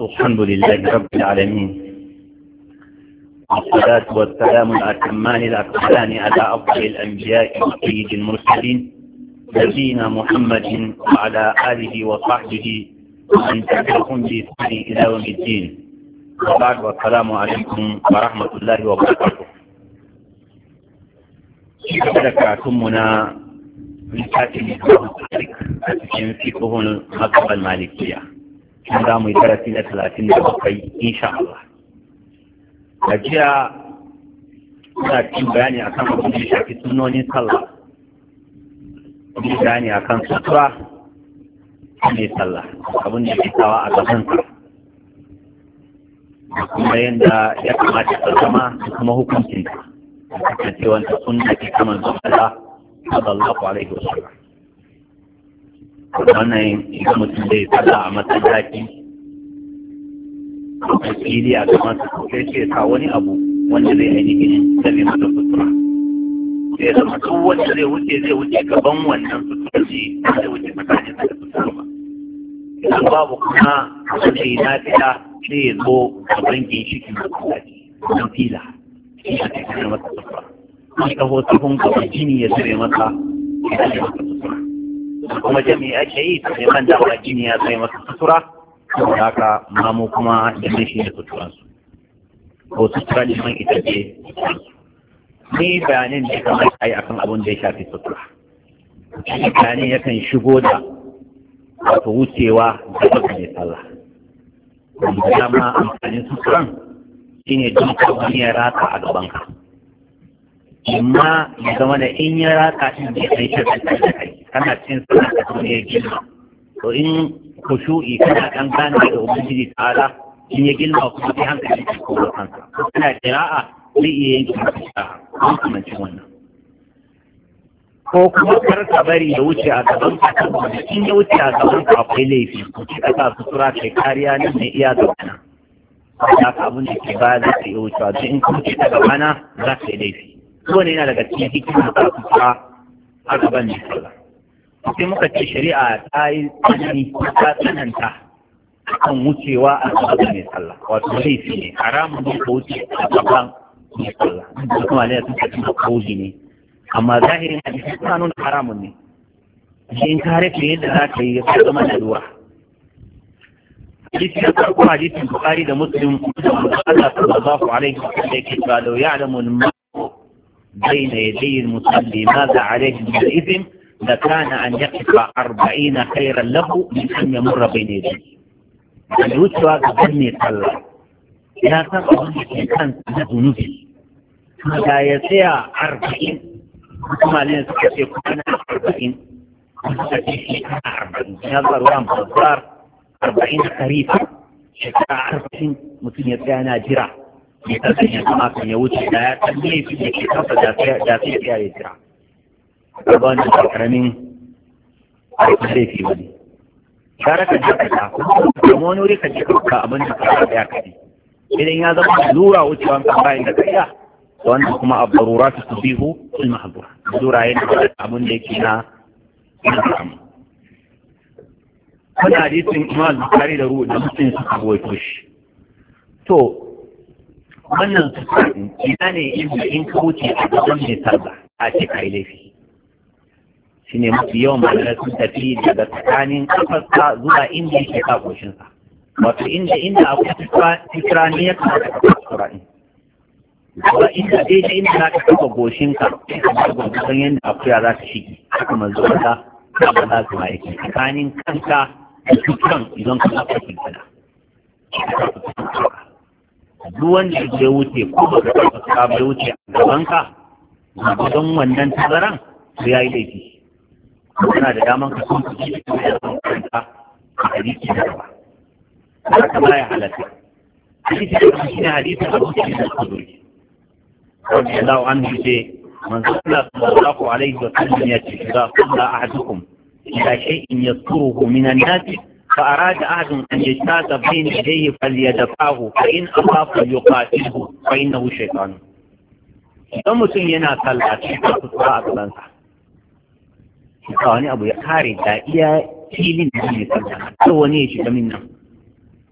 الحمد لله رب العالمين والصلاة والسلام الأكمان الأكمان على أفضل الأنبياء وسيد المرسلين نبينا محمد وعلى آله وصحبه ومن تبعهم بإحسان إلى يوم الدين وبعد والسلام عليكم ورحمة الله وبركاته ذكرتمنا من كاتب الله في كهون المذهب المالكيه cikin za mu yi darasi na talatin da bakwai insha Allah. A jiya suna cikin bayani akan abin da shafi sunonin sallah. Mun bayani akan sutura ne sallah abin da ke kawa a gaban ka. kuma yadda ya kamata ta zama kuma hukuncin ta. sun sunna ke kamar zuwa Allah ku alaihi wasallam. wannan idan mutum zai tsada a masallaci a fili a gaban sa sai ce ka wani abu wanda zai ainihin zame masa sutura sai zama duk wanda zai wuce zai wuce gaban wannan sutura shi zai wuce mutane da sutura ba idan babu kuma wanda ya lafiya sai ya zo gaban ginshikin masallaci don fila shi ne masa sutura. Wani kaho sahun gaban jini ya zame masa ya zame masa kuma jami'i ake yi sai man da jini ya sai masa sutura haka mamu kuma da shi da suturansu ko sutura man ita ce ni bayanin da kamar ai akan abin da ya shafi sutura bayani yakan shigo da wato wucewa da baka ne sallah dama amfanin suturan shine don kawai ya rata a gabanka amma ya zama da in ya raka in bai kai yi kai da kai kana cin suna da zo ya gilma. to in kushu'i kana dan gane da ubangiji tsara in ya gilma kuma sai hankali ka kowa kanka kana qira'a zai iya yin maka sha'a ko kuma cin wannan ko kuma kar ka bari ya wuce a gaban ka saboda in ya wuce a gaban ka akwai laifi ko ci ka sutura kai kariya nan mai iya gabana ba ka abin da ke ba za ka iya wucewa duk in kuma wuce ta gabana za ka yi laifi wani yana daga cikin hikima da su ta aka ban sallah sai muka ce shari'a ta yi tsanani ta tsananta kan wucewa a gaban mai sallah wato laifi ne haramun ne ka wuce a gaban mai sallah da kuma ne sun tafi da kauji ne amma zahirin a cikin suna nuna haramun ne shi in ka rufe yadda za ka yi ya fi zama lura. حديث يذكر حديث البخاري ده مسلم الله صلى الله عليه وسلم يقول لو يعلم بين يدي المصلي ماذا عليه من الإثم لكان أن يقف أربعين خيرا له من أن يمر بين يديه أن يتوى قبلني صلى لا تقعد في كان ذنوبي ماذا يسيع أربعين كما لنا تكفي كان أربعين تكفي أربعين نظر وأنفضار أربعين خريفه شكا أربعين متن يبقى ناجرة ya kasan ya zama kan ya wuce da ya ɗan laifi da ke kafa da fi ya yi jira ba wani ba karamin aikin laifi ba ne gara ka je ta. kuma wani wuri ka je ka abin da ka da ya kaɗi idan ya zama lura wucewa ka bayan da kaiya da wannan kuma a barura su bihu sun mahabura lura yana da abin da yake na na samu wani hadisin imam bukari da ruwa da mutum suka goyi shi to wannan sufafin ina ne inda in ka wuce a gaban mai sarba a ce ka yi laifi shi ne mafi yawan malamai sun tafi daga tsakanin kafarsa zuwa inda yake kagoshinsa wato inda inda akwai fitra ne ya kamata ka kuskura in ba inda daidai inda za ka kafa goshinka kamar gudun yadda akuya za ta shige haka manzo wata ka ba za su ma yake tsakanin kanka da tutran idan ka kafa kitana duk da ya wuce ko ba ga ka ba wuce a gaban ka don wannan tazaran ya yi laifi Kuna da daman ka sun ji da kanta a hadisi da gaba haka ba baya halatta hadisi da gaba shi ne hadisi da abu da ka zuri wanda ya dawo an ce manzo Allah sallallahu alaihi wa sallam ya ce ga kullu ahadukum ila shay'in yasturuhu min an-nas فأراد أحد أن يجتاز بين يديه فليدفعه فإن أخاف يقاتله فإنه شيطان idan mutum yana sallah shi ka a gabansa ka wani abu ya kare da iya filin da ne sallah ko wani ya shiga min nan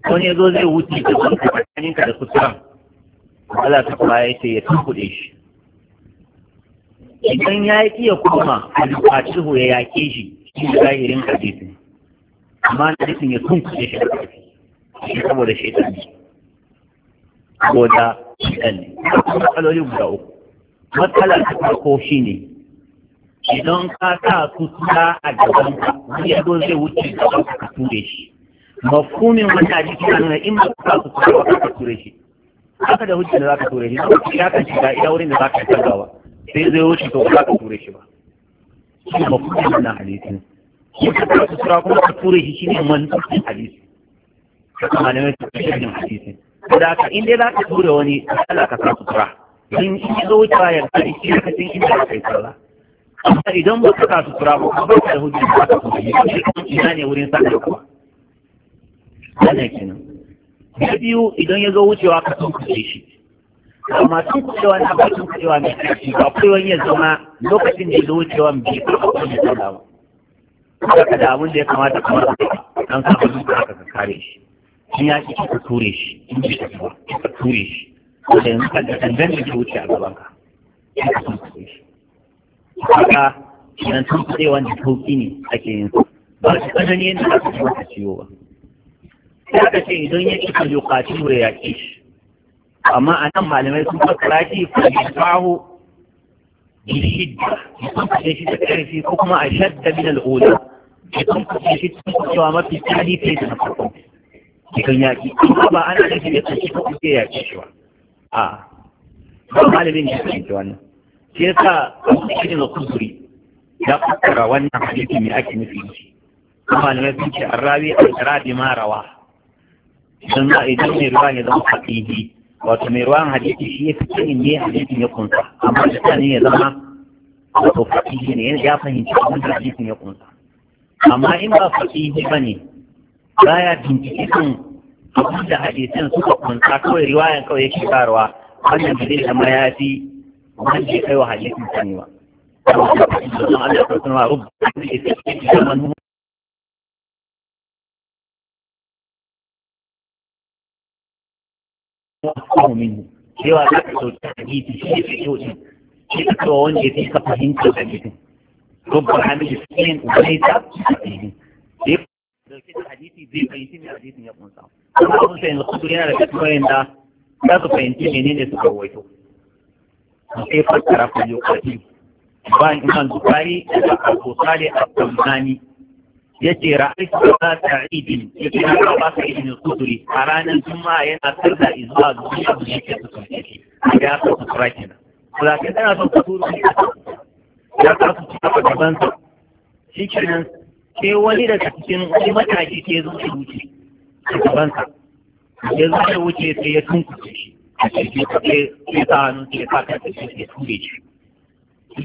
Ko ne zo zai wuce da wani tsakanin ka da kusuran Allah ta kuma ya ce ya shi idan ya iya kuma a ya yake shi shi zahirin hadisin amma da nufin ya tunkuɗe shi da shi shi saboda shaitan ne saboda shaitan ne matsaloli guda uku matsalar ta farko shi ne idan ka sa sutura a gaban ka wani yado zai wuce gaban ka ture shi mafumin wani a cikin nuna in ba ka sa sutura ba ka ture shi haka da hujja da za ka ture shi zai ya kan shiga ina wurin da za ka yi sai zai wuce to ba ka ture shi ba shi mafhumin wannan hadisin ya ta sutura kuma ka tura shi shine mantukin hadisi haka malamai su fi shirin hadisi da ka inda za ka tura wani ala ka sa sutura in in zo wucewa ya kari shi ka san inda ka kai sallah amma idan ba ka sa sutura ba ka bar da hujja ba ka kuma yi ina ne wurin sa ka ba wannan kenan na biyu idan ya zo wucewa ka sun kuce shi amma sun kucewa na ba sun kucewa mai kashi ba kai wani ya zama lokacin da ya zo wucewa bai karɓa wani sallah ba ka da abin da ya kamata ka masa dan ka ba duka ka kare shi in ya ki ka ture shi in ji ka ba ka ture shi Wanda yanzu ka dangan da wuce a gaban ka haka nan tun kuɗe wanda sauƙi ne ake yin su. ba shi ƙasar yadda aka ci masa ciwo ba sai aka ce idan ya ci kan yuƙaci ya ƙi shi amma a nan malamai sun fassara shi fa بالشدة يتنقص شدة كارثي كما أشد من الأولى يتنقص شدة كوامات الثاني في تنقص cikin yaƙi ba ana nufin ya tsanci ko kuke yaƙi shi ba a ba malamin da ke da wannan shi yasa shi ne kuzuri ya kuskura wannan hadisi mai ake nufi shi kuma malamai sun ce arrabi rabi ma rawa idan idan ruwa ne zama faqihi wato mai ruwan hadisi shi ya fice in ne hadisin ya kunsa amma da ne ya zama wato fakihi ne ya fahimci abin da hadisin ya kunsa amma in ba fakihi ba ne baya bincike kan abin da hadisin suka kunsa kawai riwayan kawai yake barwa wannan da zai zama ya fi wanda ya kai wa hadisin sani ba. Allah ya kuma rubuta da ita ce أفهم منه cewa za ka sauke hadisi shi ne fito din shi ka kawo wanda ya fi ka fahimtar hadisin rubbar hamidi sayin ta hadisin da ya dauke da hadisi zai fahimci ne hadisin ya kunsa amma abin sayin kudu yana da kasuwayen da za su fahimci menene suka waito sai fassara ku yi ƙarfi bayan imam zubari, da abu sale a tsammani yace ra'aytu ta ta'idin yace na ba sai ibn kudri a ranar juma'a yana sarda izuwa ga wani abu yake su kace ya ka kusura kenan tana son turu ya ka su ci gaba ta. sa shi kenan sai wani daga cikin wani mataki ke zo shi wuce a gaban sa ya zo shi wuce sai ya tunkuce shi a cikin sai sai ta sai ka ta shi ya ture shi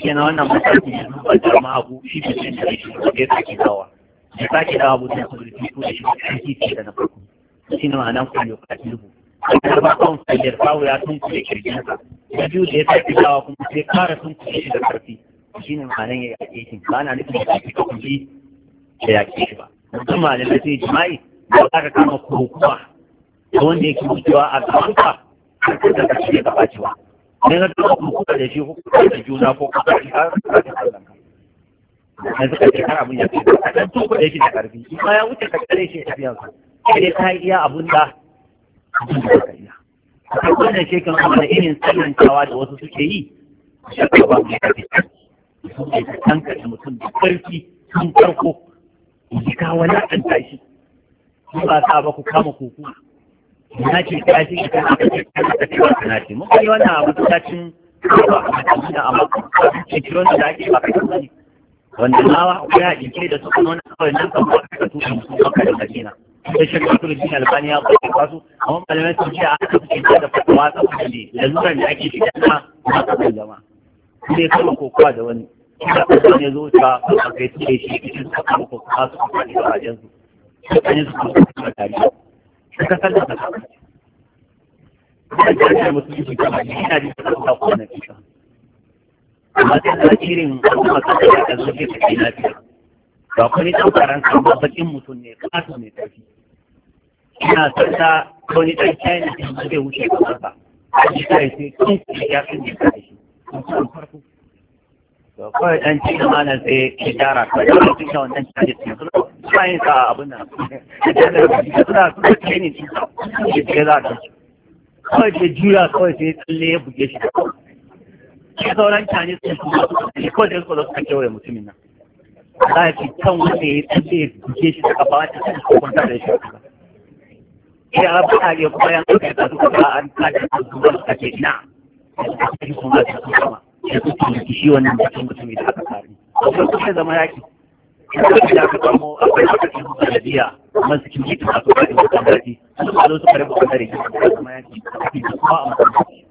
wannan mataki ya zuba jama'a ku shi bai san shi ba ta kawa ya sake dawa mutum su rufi ko da shi aiki ce da na farko shi ne ma'anan kwallo ka tilbu da farkon fayyar kawo ya tun kule kirjinsa na biyu da ya sake dawa kuma sai kara tun kule shi da karfi shi ne ma'anan ya yaƙe shi ba na nufin ya yaƙe ka kuji ya yaƙe shi ba mutum ma'anan da sai jima'i ba za ka kama kurkuwa da wanda yake wucewa a gabanka har ka da ka shirya gabacewa. Ne na duk kurkuwa da shi hukumar da juna ko kuma shi? har ka da kallon ka. Na suka ce har abin ya ke da kadan tun kuɗe shi da ƙarfi in ma ya wuce ka kare shi da biyan su sai dai ka iya abin da abin da ka iya a kan wannan shekan amma irin tsanantawa da wasu suke yi shakka ba mu kafi sun kai ka tankace mutum da ƙarfi tun farko ji ka wulaƙanta shi Ku ba sa ba ku kama kuku na ce ta shi ita na kace kana kace kana ce mun kai wannan abu ta cin ba a matakin da amma cikin da ake ba ka ne. wanda nawa akwai hadisai da suka nuna kawai nan kan kawai ka tushen su maka da madina da shi ka turu jini albaniya ba ka kasu amma malamai sun ce a haka suke ta da fatawa tsakanin ne laluran da ake shiga na maka da zama sai kama kokowa da wani da kusan ya zo ta a kai tuke shi cikin kama kokowa su kuma da wajen su sukan yi su kuma da tari suka san da ta kama. Ina da musulunci kama ne, ina da ta kama na kusa. amma ta tasirin kuma kasa da ka zuke ta kai lafiya ba kuma ni tsamparan kan bakin mutum ne kasu mai tafi ina sassa wani ɗan china ne zai wuce kamar ba a ji kai sai kun ya fi ne kai shi to kawai ɗan china malam sai ya gyara ka da wani cikin wannan china ne suna yin sa abin nan suna suna kai ne cikin sa ya za a kawai sai juya kawai sai tsalle ya buge shi da kawai sai sauran cani sun kuma su ko da yanzu suka kewaye mutumin nan za a fi kan wanda ya tsaye ya duke shi da kafa wata sun ko kwanta da shi sai a ba a yi kuma yan kai da suka ba an kada su zuwa suka ce ina sai kuma da su kama ya su tuki shi wannan mutum mutumin da aka kare ko kuma zama yaki yanzu da ka samu akwai aka ci musu kuma su kimki ta su kare mutum da shi su zo su kare mutum da kuma yaki kuma a mutum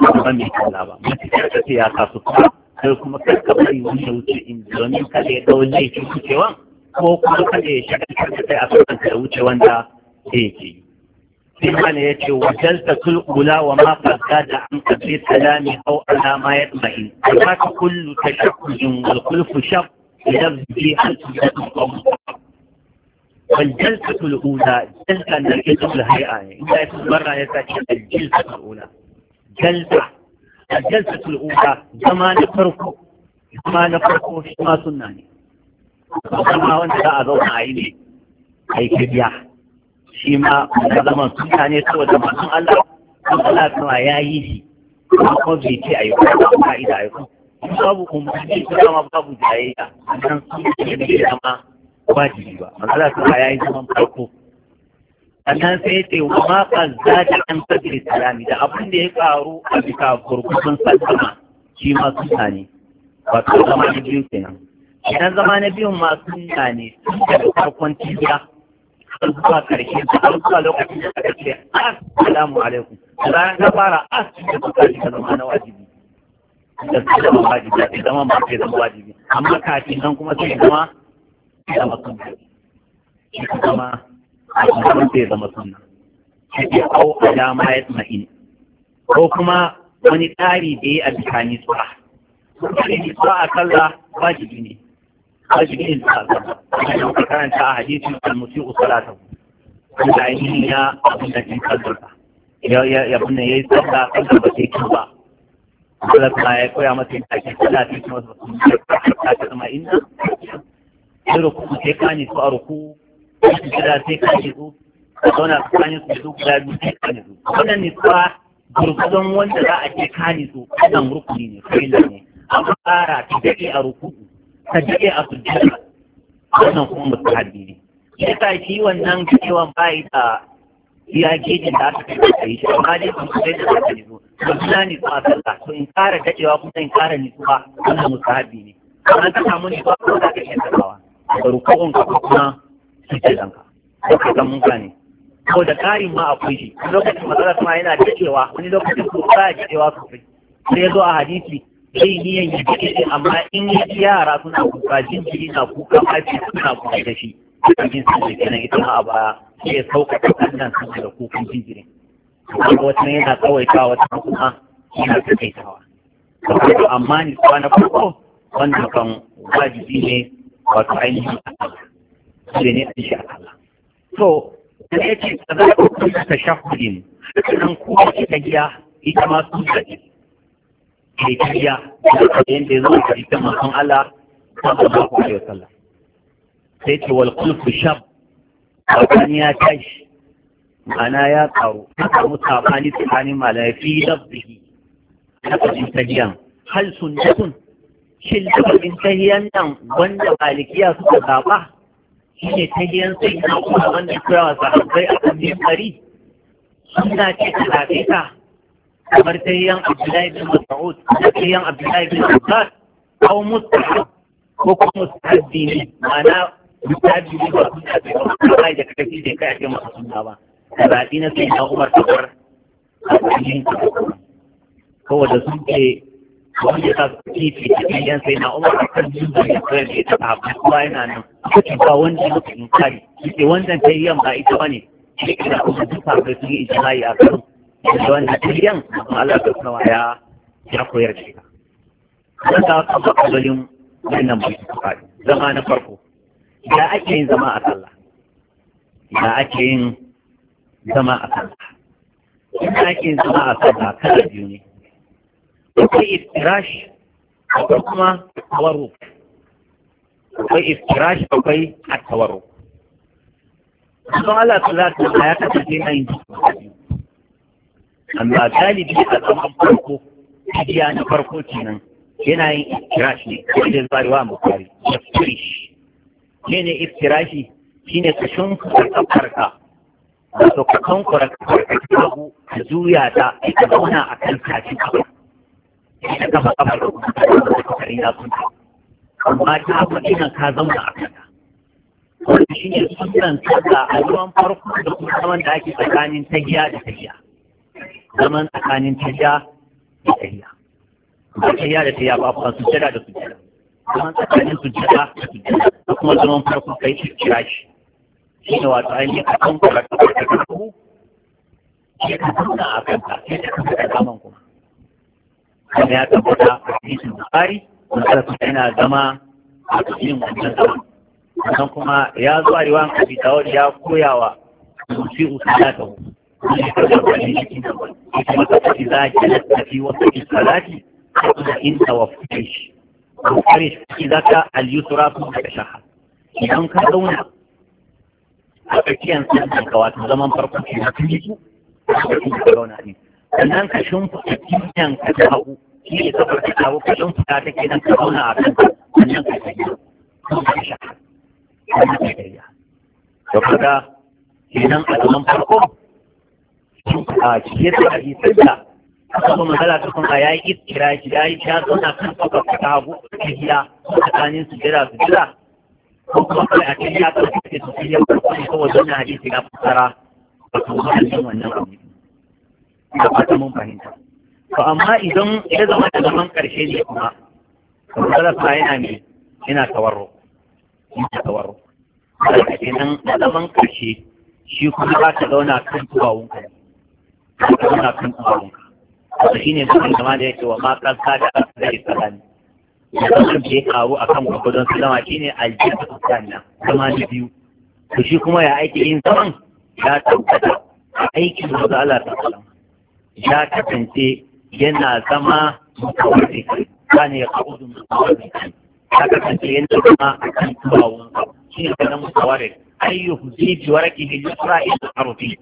ban mai kalla ba matuƙar ta ya kasu kuma sai kuma karka bari wani wuce in domin kada ya ɗau laifin wucewan ko kuma kada ya shagaltar da kai a kan da wuce wanda zai ke sai ma ne ya ce wajen ta tulkula wa ma da an kafe salami au alama ya tsaye amma ta kullu ta shakkujin wal kulfu shak idan bi an tuntun kwamu والجلسة الأولى جلسة أن الجلسة الهيئة إذا مرة يسأل الجلسة الأولى jalsa a jalsa tul'uda zama na farko zama na farko shi ma sunna ne zama wanda za a zauna a yi ne a yi kiriya shi ma wanda zaman sunna ne saboda masu Allah sun Allah ya yi shi kuma kuma a yi kuma ba yi babu umarni ko dama babu jayayya a nan sun ne da dama wajibi ba. Manzala kuma ya yi zaman farko sannan sai ce wa ma ƙazza da an sadri salami da abin da ya karu a bisa gurgurun sallama shi ma suna ne wato zama na biyu kenan idan zama na biyun ma suna ne da farkon tijiya har zuwa ba har zuwa lokacin da aka ce assalamu ah, alaikum bayan ka fara assalamu alaikum ka zama na wajibi da su zama wajibi da zama ba ke zama wajibi amma kafin nan kuma sai zama zama sunna ne zama a cikin sai zama sunna shi au alama ya tsamahin ko kuma wani tsari da ya a bisa kuma ne nisuwa a kalla wajibi ne wajibi ne ta zama a yau ka karanta a hadisin almusi'u salatahu wanda ainihin ya abin da jin kallarsa ya ya bunne yayi sabda kallar ba sai kin ba Allah kuma ya koya masa yin ake kalla ta kuma ta zama inna sai ruku sai kani su a su jira sai ka nutsu ka zauna tsakanin su su guda biyu sai wannan wanda za a ce ka nutsu wannan rukuni ne fa'ila ne an fara ta daɗe a rukuku ta a sujjada wannan kuma ne yasa shi wannan cewa bai da da aka kai ta yi amma dai kun da aka ba a sun kuma in wannan ne amma ta samu nutsuwa ko za ka iya sakawa da rukukun ka kuma cutar ɗanka ko ka san munka ne ko da ƙarin ma akwai shi Wani lokacin matsala kuma yana da cewa wani lokacin ko ba ya cewa sosai sai zo a hadisi zai niyan ya ji shi amma in yi yara suna kuka jinjiri na kuka mafi suna kuka da shi cikin sun da kenan ita ma a baya sai ya sauƙaƙa wannan sun da kukan jinjirin kaga wata yana tsawaitawa wata kuma yana tsakaitawa. tsawaitawa amma ni kwana farko wannan kan wajibi ne wato ainihin dole ne a shi a Allah So, da ya ce da za ku kuma ta shahudin nan ko ta giya ita ma sun zaje ke giya da yanda zo ka ita manzon Allah sallallahu alaihi sallah. sai ce wal qulfu shab wani ya tashi ma'ana ya karu samu musafani tsakanin malamai fi lafzihi haka jin tahiyan hal sun shin lafazin tahiyan nan wanda malikiya suka zaɓa. shi ne ta gidan sai na kuma wanda kurawa sahabbai a kan biyan shi na ce ta zaɓe ta kamar ta yi yan abdullahi bin mas'ud da ta yi yan abdullahi bin abbas ko mustahab ko kuma mustahabbi ne ma'ana mustahabbi ne ba kuma ce ba kuma da karfi da kai a ce masu suna ba da zaɓi na sai na umar ta kwar a cikin kawai da sun ce wanda ya sa titi cikin yan sai na umar a kan jin da ya kare da ita abu kuma yana nan kuka ba wanda ya in kare ke wannan ta yi yamma ita bane ne da kuma duka ga su yi ijimai a kan da wannan ta yi yamma Allah ta kuma ya ya koyar da ita kuma ta haka ba kabalin wannan bai su zama na farko ya ake yin zama a sallah ya ake yin zama a sallah ina ake yin zama a sallah kada biyu ne akwai istirash akwai kuma tawarru akwai istirash akwai tawarru Allah ta za ta ya kasance na yin amma galibi a zaman farko hadiya na farko kenan yana yin istirash ne wanda zai wa mutari istirish ne ne istirashi shine ka shunkuta kafarka wato ka kankura kafarka ta hagu ka juya ta ka zauna a kan tafi kafarka da kafa kafa da kuma kare na sun amma ta faɗi nan ka zauna a kanta wanda shi ne sunan tsaka a ruwan farko da kuma zaman da ake tsakanin ta giya da ta giya? zaman tsakanin ta tagiya da tagiya ba tagiya da tagiya ba kuma jira da su jira. zaman tsakanin su jira da su jira, da kuma zaman farko kai su kira shi shi ne wato ainihin a kan kwarar da kuma shi ka zauna a kanta sai ta kafa da kaman kuma kuma ya tabbata a hadisin bukari wanda kuma yana zama a cikin wannan zaman sannan kuma ya zuwa a riwayan abi dawud ya koya wa musi usala ta hu ne ka da wani cikin da wani kuma ka tafi za ki da fi wata salati kuma in tawaffish bukari shi zaka al-yusra kuma daga shaha idan ka zauna a tsakiyar sannan ka wato zaman farko ke na kan yi su a tsakiyar zauna ne sannan ka shimfa a kiyan ka hagu shi ne kafar ka kawo ka fita ta ke nan ka zauna a kan wannan ka tafiya don ka sha wannan ka tafiya to kaga kenan a zaman farko a cikin da hadisai da aka ba magana ta kuma a yayi iskira shi ya yi ya zauna kan fita ka kawo ta gida tsakanin su jira su jira ko kuma kai a cikin ya kawo ta su fiye da kuma kawai wannan hadisi ya fasara wato wannan wannan abu da fata mun fahimta to amma idan ya zama da zaman karshe ne kuma talaka yana ne yana tawarro yana tawarro da kenan da zaman karshe shi kuma za ta zauna kan tuwawunka ne ba ka zauna kan tuwawunka to shi ne mutum zama da yake wa ma kanka da aka zai salami da kan ke karu a kan kwakwadon salama shi ne aljihar kusaniya zama na biyu to shi kuma ya aiki yin zaman ya tabbata aikin da Allah ta salama ya kasance yana zama mutawarri kana ya kaudu mutawarri Ta kasance yana zama a kan tubawun shi ne kanan mutawarri ai yi huzi biwar ki da yusra ila arfi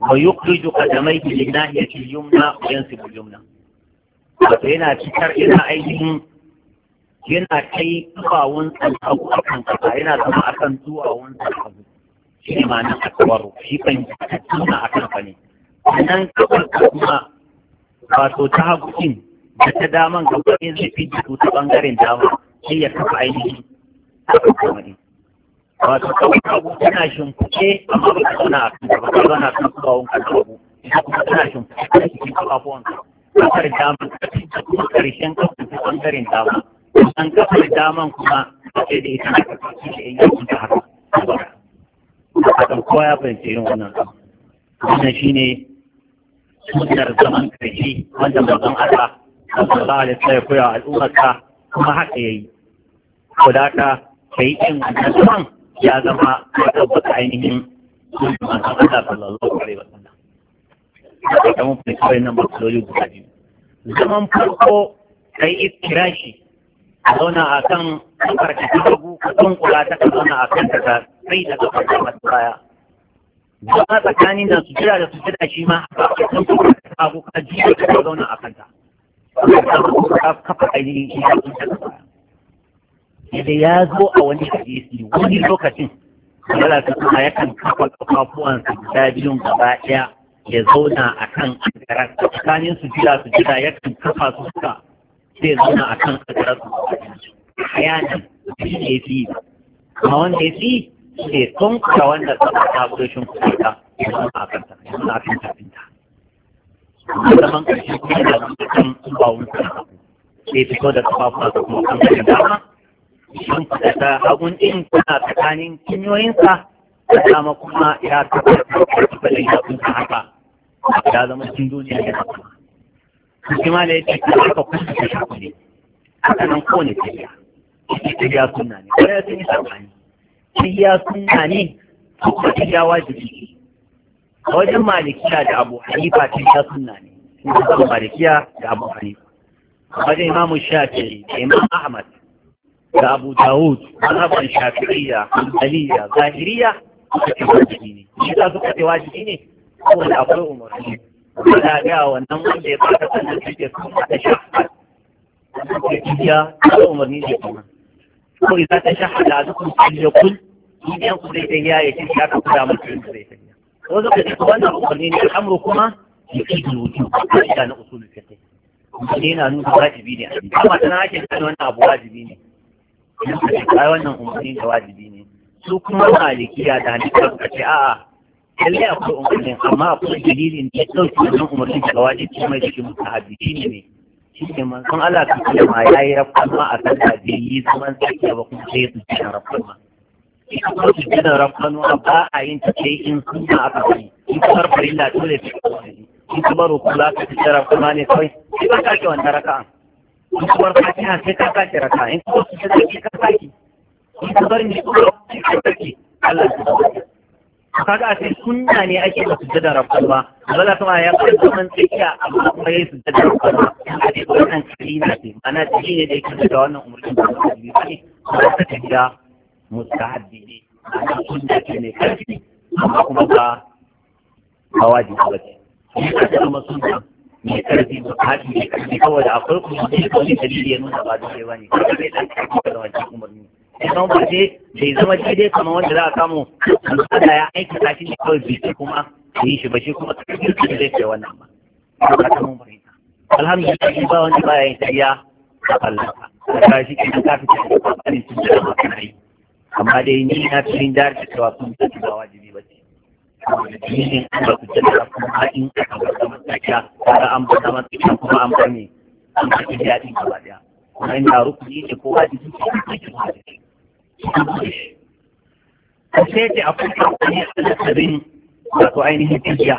wa yukhriju qadamayhi ya nahiyati yumna yan yansibu yumna wato yana cikar yana ainihin yana kai tubawun tsaku a kan kasa yana zama a kan tubawun tsaku shi ne ma nan a tawarru shi kan tuna a kan fani sannan kafar kuma wato ta hagu da ta daman gaba ne zai fi jiku ta bangaren dama sai ya kafa ainihin wato kawai abu tana shimfice amma ba ta zauna a kan ba ta zauna a kan kawon kan abu ita kuma tana shimfice ta cikin kafafuwan kafar dama ta cikin kuma karshen kafin ta bangaren dama an kafar daman kuma a ce da ita na kafin da yan yakin ta haka a kan kowa ya fahimci irin wannan wannan shine sunar zaman karshe wanda mazan Allah sallallahu alaihi wasallam ya koya al'ummarka kuma haka yi. ko da ka sai in wannan zaman ya zama ya tabbata ainihin sunan mazan Allah sallallahu alaihi wasallam da ta mun fita wannan matsaloli guda biyu zaman farko kai shi. Ka zauna a kan kafar ka ta hagu ka tunkula ta ka zauna a kan ta sai da kafar masu baya zama tsakanin su sujada da su sujada shi ma don kuma ka abu ka ji da ka zauna a kanta ka kafa ainihin shi da kanta yadda ya zo a wani hadisi wani lokacin Allah ta kuma yakan kafa su guda biyun gaba ɗaya ya zauna a kan agarar tsakanin su jira su jira yakan kafa su suka sai zauna a kan agarar su hayanan shi ne fi amma wanda ya fi ke ka wanda suka kuma ta yanzu a kanta yanzu a kan tafinta zaman ƙarshe kuma da kan bawon Sai ke fito da kuma da kuma kan kan dama shin kuma ta hagun ɗin kuna tsakanin kinyoyinsa da dama kuma ya tabbata da ya kunta haka ya zama cikin duniya ne haka kuma da ya ce haka kunta ta shaku ne haka nan kowane tafiya ita tafiya sunna ne kwaya ya sun yi sabani tahiya suna ne ko kuma ya wajibi a wajen malikiya da abu hanifa tahiya suna ne kuma zama malikiya da abu hanifa wajen imam shafi'i da imam ahmad da abu dawud mazhaban shafi'iyya aliyya zahiriya suka ce wajibi ne shi za su ce wajibi ne saboda akwai umarni a ga wannan wanda ya baka sannan suke kuma da shafa wannan ke tafiya da umarni da kuma ko idan ta shahada dukkan kullu idan ku zai tafiya ya ce ya ka kuda musu yin zai tafiya ko zaka ce wannan umarni ne al'amru kuma ya ci zuwuci ka'ida na usulul fiqh umarni yana nuna wajibi ne amma tana ake kan wannan abu wajibi ne kai wannan umarni da wajibi ne su kuma malikiya da hanifar ka ce a'a lallai akwai umarnin amma akwai dalilin da ya ɗauki wannan umarnin daga wajibi mai jikin mutahabi shi ne ne shi ne manzon Allah ka kuma ya yi rafkan ma a kan tabi yi zaman tsakiya ba kuma sai ya tsakiya rafkan ma ita kuma sujjadar rafkanuwa ba a yin ta sai in suna aka sani in kamar farilla dole sai ka sani in kamar rukula ka fi jara kuma ne kawai sai ka sake wannan raka'a in kamar fatiha sai ka sake raka. in kamar sujjada sai ka sake in kamar ni kuma sai ka sake Allah ta sake kaga a sai sunna ne ake da sujjada rafkanuwa bala kuma ya kai zaman tsakiya amma kuma yayi sujjada rafkanuwa a ce wannan kalina ce ana ji ne da yake da wannan umurcin da ba ne ba ta tafiya mustahabbi ne ana sunna ce ne karfi amma kuma ba ba wajibi ba ce ne ka zama sunna mai karfi ba haɗi mai karfi kawai da akwai kuma ne ko ne dalili ya nuna ba dole ba ne kawai zai ɗan karfi da wancan umarni idan ba ce bai zama daidai kamar wanda za a samu al'ada ya aiki ta shi ne kawai biki kuma da yi shi ba shi kuma karfi da zai ce wannan ba ba ta mun bari alhamdulillah ba wanda ba ya yi tariya a Allah ka shi ke da kafin da ba ne sun da ba kana amma dai ni na fi da da cewa sun tafi ba wajibi ba ce ni ba ku kuma in aka bar an bar kuma an ne an daɗi ɗaya kuma ina ne ko wajibi ce a cikin wajibi ko sai ce a nasarin wato ainihin tijiya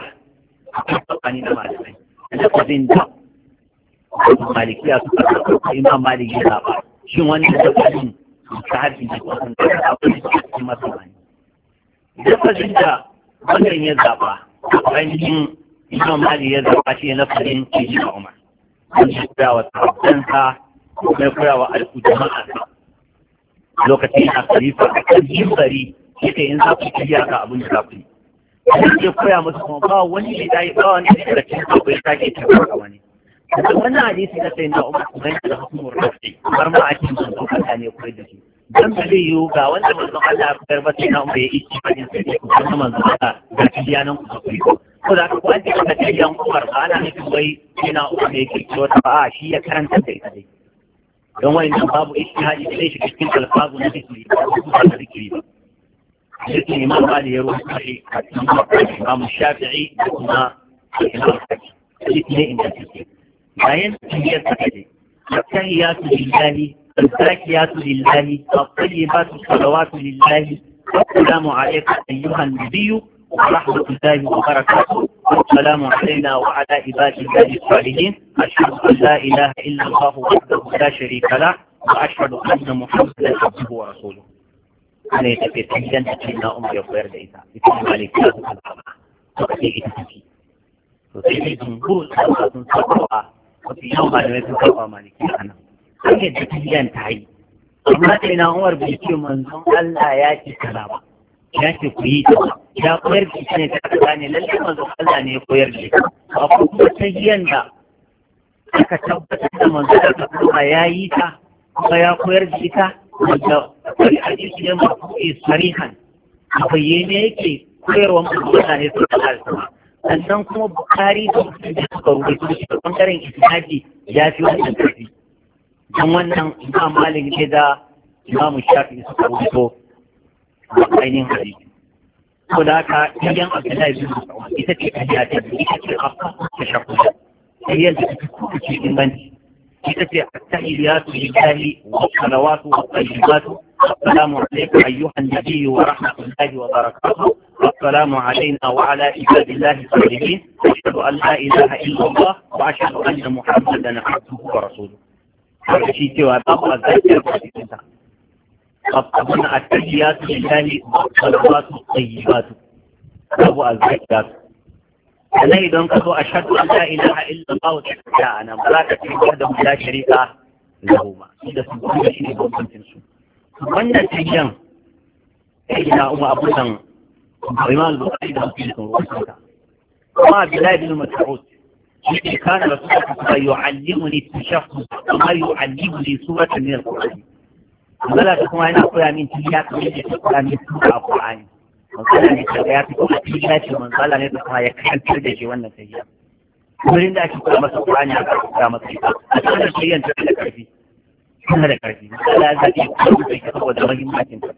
akwai kamfani na malamai a nasarin da wato malikiya suka ɗauka imam maliki zaɓa shin wani sahabi ne wasan da ya cikin masana ne lafazin da wannan ya zaɓa ainihin imam mali ya zaɓa shi na farin cikin umar wani koya wa sahabbansa mai koya wa al'ujama'a lokacin a khalifa a kan jimbari yake yin za ku kiyaye ga abin da za ku yi. koya musu kuma ba wani da ta yi ba wani da cikin ke tafiya ta ke tafiya wani. wannan hadisi na sai na umar ban da hukumar rafi har ma a cikin manzon Allah ne kuma da dan ba zai yiwu ga wanda manzon Allah ya koyar ba sai na umar ya yi ci fadin sai ku kuma manzon Allah ga nan ku kai ko da ka kwaje da tiyan umar ba ana nufin wai sai na umar ne yake ciwo ta ba shi ya karanta da ita dai don wani nan babu ijtihadi sai shi cikin alfazu na zikiri ba da zikiri ba zikiri imam Ali ya rubuta shi a cikin Imam Shafi'i da kuma Imam Hakim sai ne inda take bayan هي ta التحيات لله التحيات لله الطيبات الصلوات لله السلام عليكم أيها النبي ورحمة الله وبركاته والسلام علينا وعلى عباد الله الصالحين أشهد أن لا إله إلا الله وحده لا شريك له وأشهد أن محمدا عبده ورسوله أنا يتبيت جنة لنا أمر يقوير لإذا يتبع عليك الله سبحانه وتعالى وفي وتعالى وتعالى وتعالى wasu da malamai sun kafa maliki a nan an yadda tahiyan ta yi amma sai na umar bai ce manzon Allah ya ce kaza ba ya ce ku yi ta ya koyar da shi ne ta kaza ne lallai manzon Allah ne ya koyar da shi a kuma tahiyan da aka tabbatar da manzon Allah kuma ya yi ta kuma ya koyar da ita wanda wani hadisi ne mafi sarihan a bayyane yake koyarwa manzon Allah ne su alaihi wasallam sannan kuma bukari da mutum da suka rubuta shi da bangaren isnadi ya fi wannan karfi don wannan ina malin ne da mu shafi suka rubuto a ainihin hari ko da haka yan abdullahi bin ita ce ta ita ce a ta shakuda sai yanzu ta fi kuɗi cikin banci ita التحيات لله والصلوات والطيبات السلام عليكم أيها النبي ورحمة الله وبركاته السلام علينا وعلى عباد الله الصالحين أشهد أن لا إله إلا الله وأشهد أن محمدا عبده ورسوله هذا شيء سوى باب الذكر أبونا التحيات لله والصلوات الطيبات أبو الذكر sannan idan ka zo a shaɗu an la ilaha illallah wa ta ana ba za ka ce da mu la sharika lahu ba shi da su kuma shi ne bambancin su wannan tafiyan sai ina umma abudan imam al-bukhari da hafi sun rubuta kuma a bilal bin mas'ud shi ne kana rasulullahi kuma wa tashahhud ne yu'allimuni suratan min al-qur'an Allah kuma yana koya min tafiya kamar yadda ya koya min sura al-qur'ani manzala ne kaga ya fito a cikin ya ce manzala ne da kuma ya kantar da shi wannan tafiya wurin da ake kula masa Qur'ani a kula masa shi a cikin tafiyan ta da karfi tana da karfi manzala ya zaɓi kuma da saboda muhimmancin ta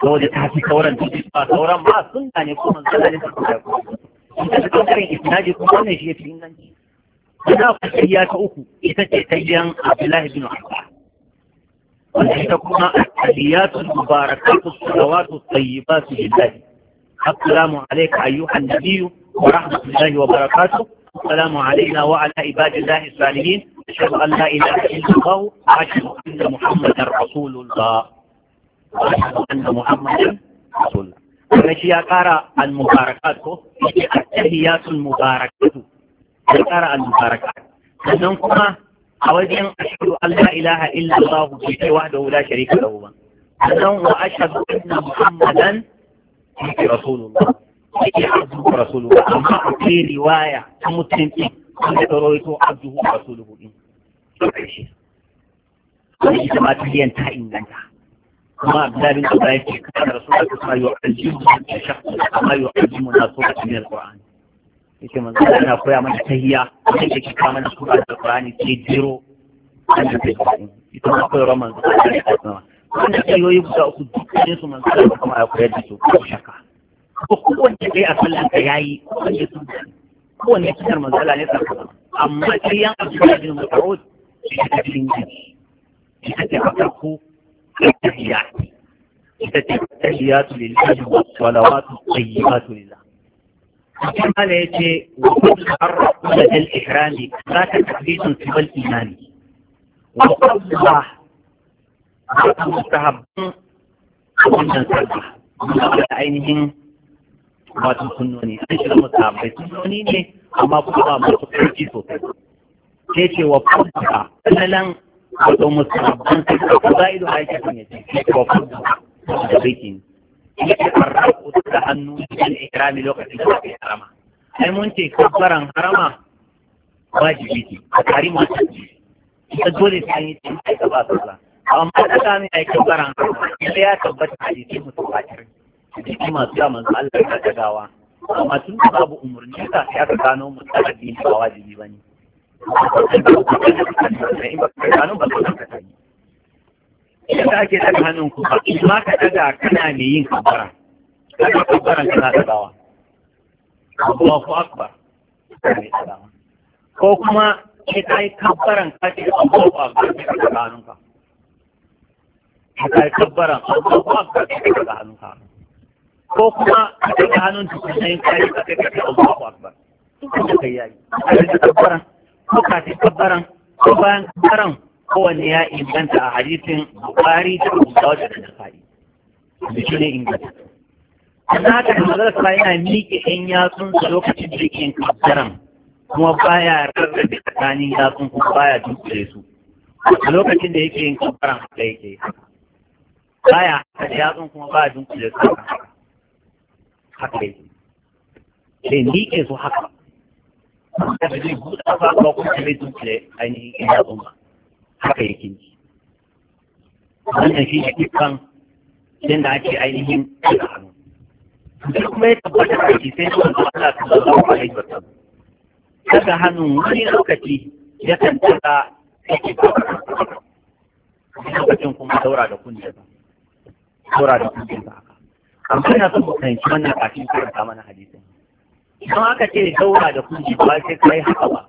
saboda ta fi sauran duk ba sauran ba sunna ne ko manzala ne ta kula ko in ka ga karin isnadi kuma wannan shi ya fi inganci Ina ku tafiya ta uku ita ce tafiyan Abdullahi bin Abbas وليس كما التحيات المباركات الصلوات الطيبات لله السلام عليك أيها النبي ورحمة الله وبركاته السلام علينا وعلى عباد الله الصالحين أشهد أن لا إله إلا الله وأشهد أن محمدا رسول الله وأشهد أن محمدا رسول الله ونشي قرأ المباركات التحيات المباركات قرأ المباركات sannan a wajen ashhadu Allah la ilaha illa Allah bi kai wahdahu la sharika lahu ba sannan wa ashhadu anna muhammadan rasulullah sai abdu rasulullah amma a akwai riwaya ta mutum din wanda ta rawaito abdu rasuluhu din wani ita ma biyan ta inganta kuma abdullahi bin ibrahim ce kana rasulullah ta ma yu'allimu na shakku kama aljihu na sura min alqur'ani yake manzo ana koya mana tahiyya sai yake kawo mana Qur'ani da Qur'ani ke jiro ana tahiyya ita ma koyar manzo Allah ta tsama wannan ayoyi guda uku dukkanin su manzo Allah kuma ya koyar da su ko shaka ko kowanne dai a sallan ka yayi kowanne sun kowanne kitar manzo Allah ne sa amma kiyan Abdullah bin Mas'ud shi ta cikin jiki shi ta ta farko tahiyya ita ce tahiyyatu lillahi wa salawatu tayyibatu lillahi akwai mala ya ce wa kudu arrafu da dal ihrami za ka tafisun sibal imani wa kudu ba za ka mustahabban wannan sarfa da ainihin wato sunnoni an shiga mustahabbai sunnoni ne amma kuma ba masu ƙarfi sosai sai ce wa kudu ba sannan wato mustahabban sarfa ba ido haifin ya ce wa kudu da bikin yake farraku da hannu cikin ikirami lokacin da ake harama ai mun ce harama wajibi ce a tari ma ta ita dole sai yi cin amma ta ne harama ya tabbata a jikin a cikin masu da manzo Allah ta amma tun da babu umarni ta ya gano ba wajibi in ba ka ba ka yadda ake daga hannun ku ma ka daga kana ne yin kabbara daga kabbaran kana dagawa Allahu akbar ko kuma sai ka yi kabbaran ka ce Allahu akbar ka daga hannun ka ka yi kabbaran Allahu akbar ka daga hannun ka ko kuma ka daga hannun tukunan ka yi ka daga Allahu akbar duk da kai yayi ka daga kabbaran ko ka ce kabbaran ko bayan kabbaran Kowane ya inganta a hadisin bukari da wajen da nasa'i da shi ne inganta sannan haka da mazar sa yana miƙe ɗan yatsunsa lokacin da yake kaddaran kuma baya rarrabe tsakanin yatsun kuma baya dukkule su a lokacin da yake yin kaddaran haka yake baya haka da yatsun kuma baya dukkule su haka yake sai miƙe su haka da zai buɗa ba kuma zai dukkule ainihin yatsun ba haka yake wannan shi ne yin yadda ake ainihin da hannu da kuma ya tabbata da shi sai kuma da Allah ta zama wa ba wasallam daga hannun wani lokaci ya kan daga ake ba lokacin kuma daura da kunya ba daura da kunya ba haka amma ina son mu shi wannan kafin karanta mana hadisin idan aka ce daura da kunya ba sai kai haka ba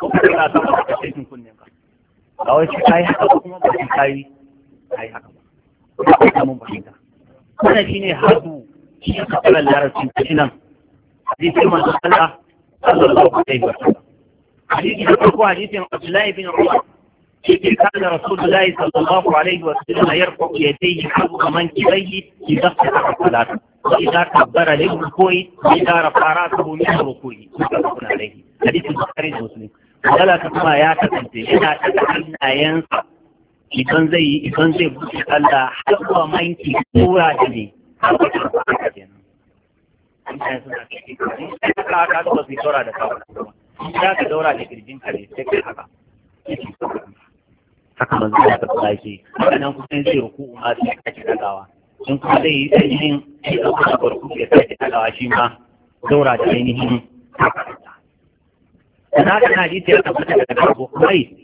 ka da ta ba ka cikin kunnen ka a wai shi kai haka kuma ba shi kai kai haka ba ko ka mun fahimta wannan shine hadu shi ka fara larabci kinan hadisi manzo Allah sallallahu alaihi wa sallam hadisi da farko hadisin Abdullah ibn Umar إذ كان رسول الله صلى الله عليه وسلم يرفع يديه حوض منكبيه إذا افتتح الصلاة وإذا كبر للركوع وإذا رفع رأسه من الركوع متفق عليه حديث البخاري ومسلم wala ta kuma ya kasance yana daga hannayensa idan zai yi idan zai buɗe Allah har zuwa manki tura da ne a wajen ba haka kenan. Mutane suna cikin ka ka ga ba su yi tora da kawo ya ka daura da kirjin ka ne sai kai haka. Haka manzo ya tafi ke Wannan kuma zai ruku ma su ka ci dagawa. In kuma zai yi tsayin sai ka kuma barku ya sake dagawa shi ma daura da ainihin haka. da na kana hadisi ya tabbata daga Abu Hurairah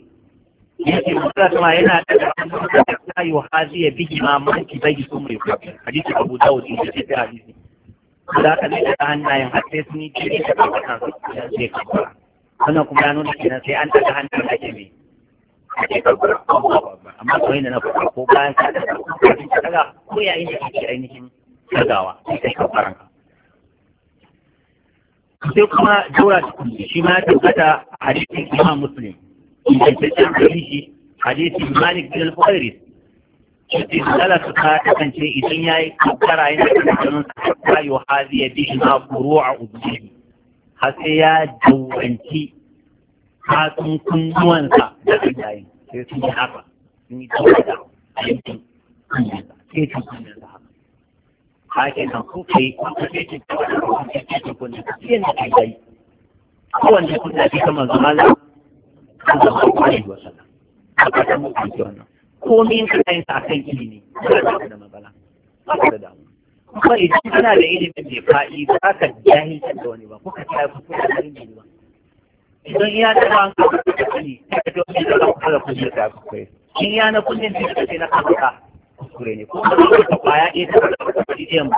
yake mutum kuma yana daga ta yi hazi ya bigi ma manki bai su mai kwafi hadisi Abu Dawud din da take hadisi za ka ne da hannayen hadisi sun yi kiri da kan sai kabbara wannan kuma ya nuna kenan sai an daga hannayen ke mai amma kuma da na faɗa ko bayan ka daga ko yayin da kake ainihin sargawa sai kai kabbaran sai kuma daura shi ma ya tabbata a hadisin imam muslim ce hadisi hadisin malik bin al-fuhairis shi zala su ta kasance idan ya yi kankara yana da kanin sa yi wa hazi ya bi a ubiyi har sai ya jawanci hatsun kunduwansa da hannayen sai sun yi haka sun yi dawa da yankin kunnuwansa sai sun kunnuwansa hakin nan ku kai wanda ke cikin wanda ke cikin kunna sai na kai dai kowanne kunna ke kamar zama na kuma ba ku ne wasa a kasan mu kan wannan komai ka kai sa kan ilimi ba da matsala ba da damu kuma idan kana da ilimin mai fa'i za ka jahilci da wani ba ko ka tsaya ko kuma da ilimi ba idan iya da ban ka ka sani ka ga wani da ka kula kullum da ka kai in ya na kullum da ka na kanka kuskure ne ko da kwaya ɗaya ta da wata kwaya mu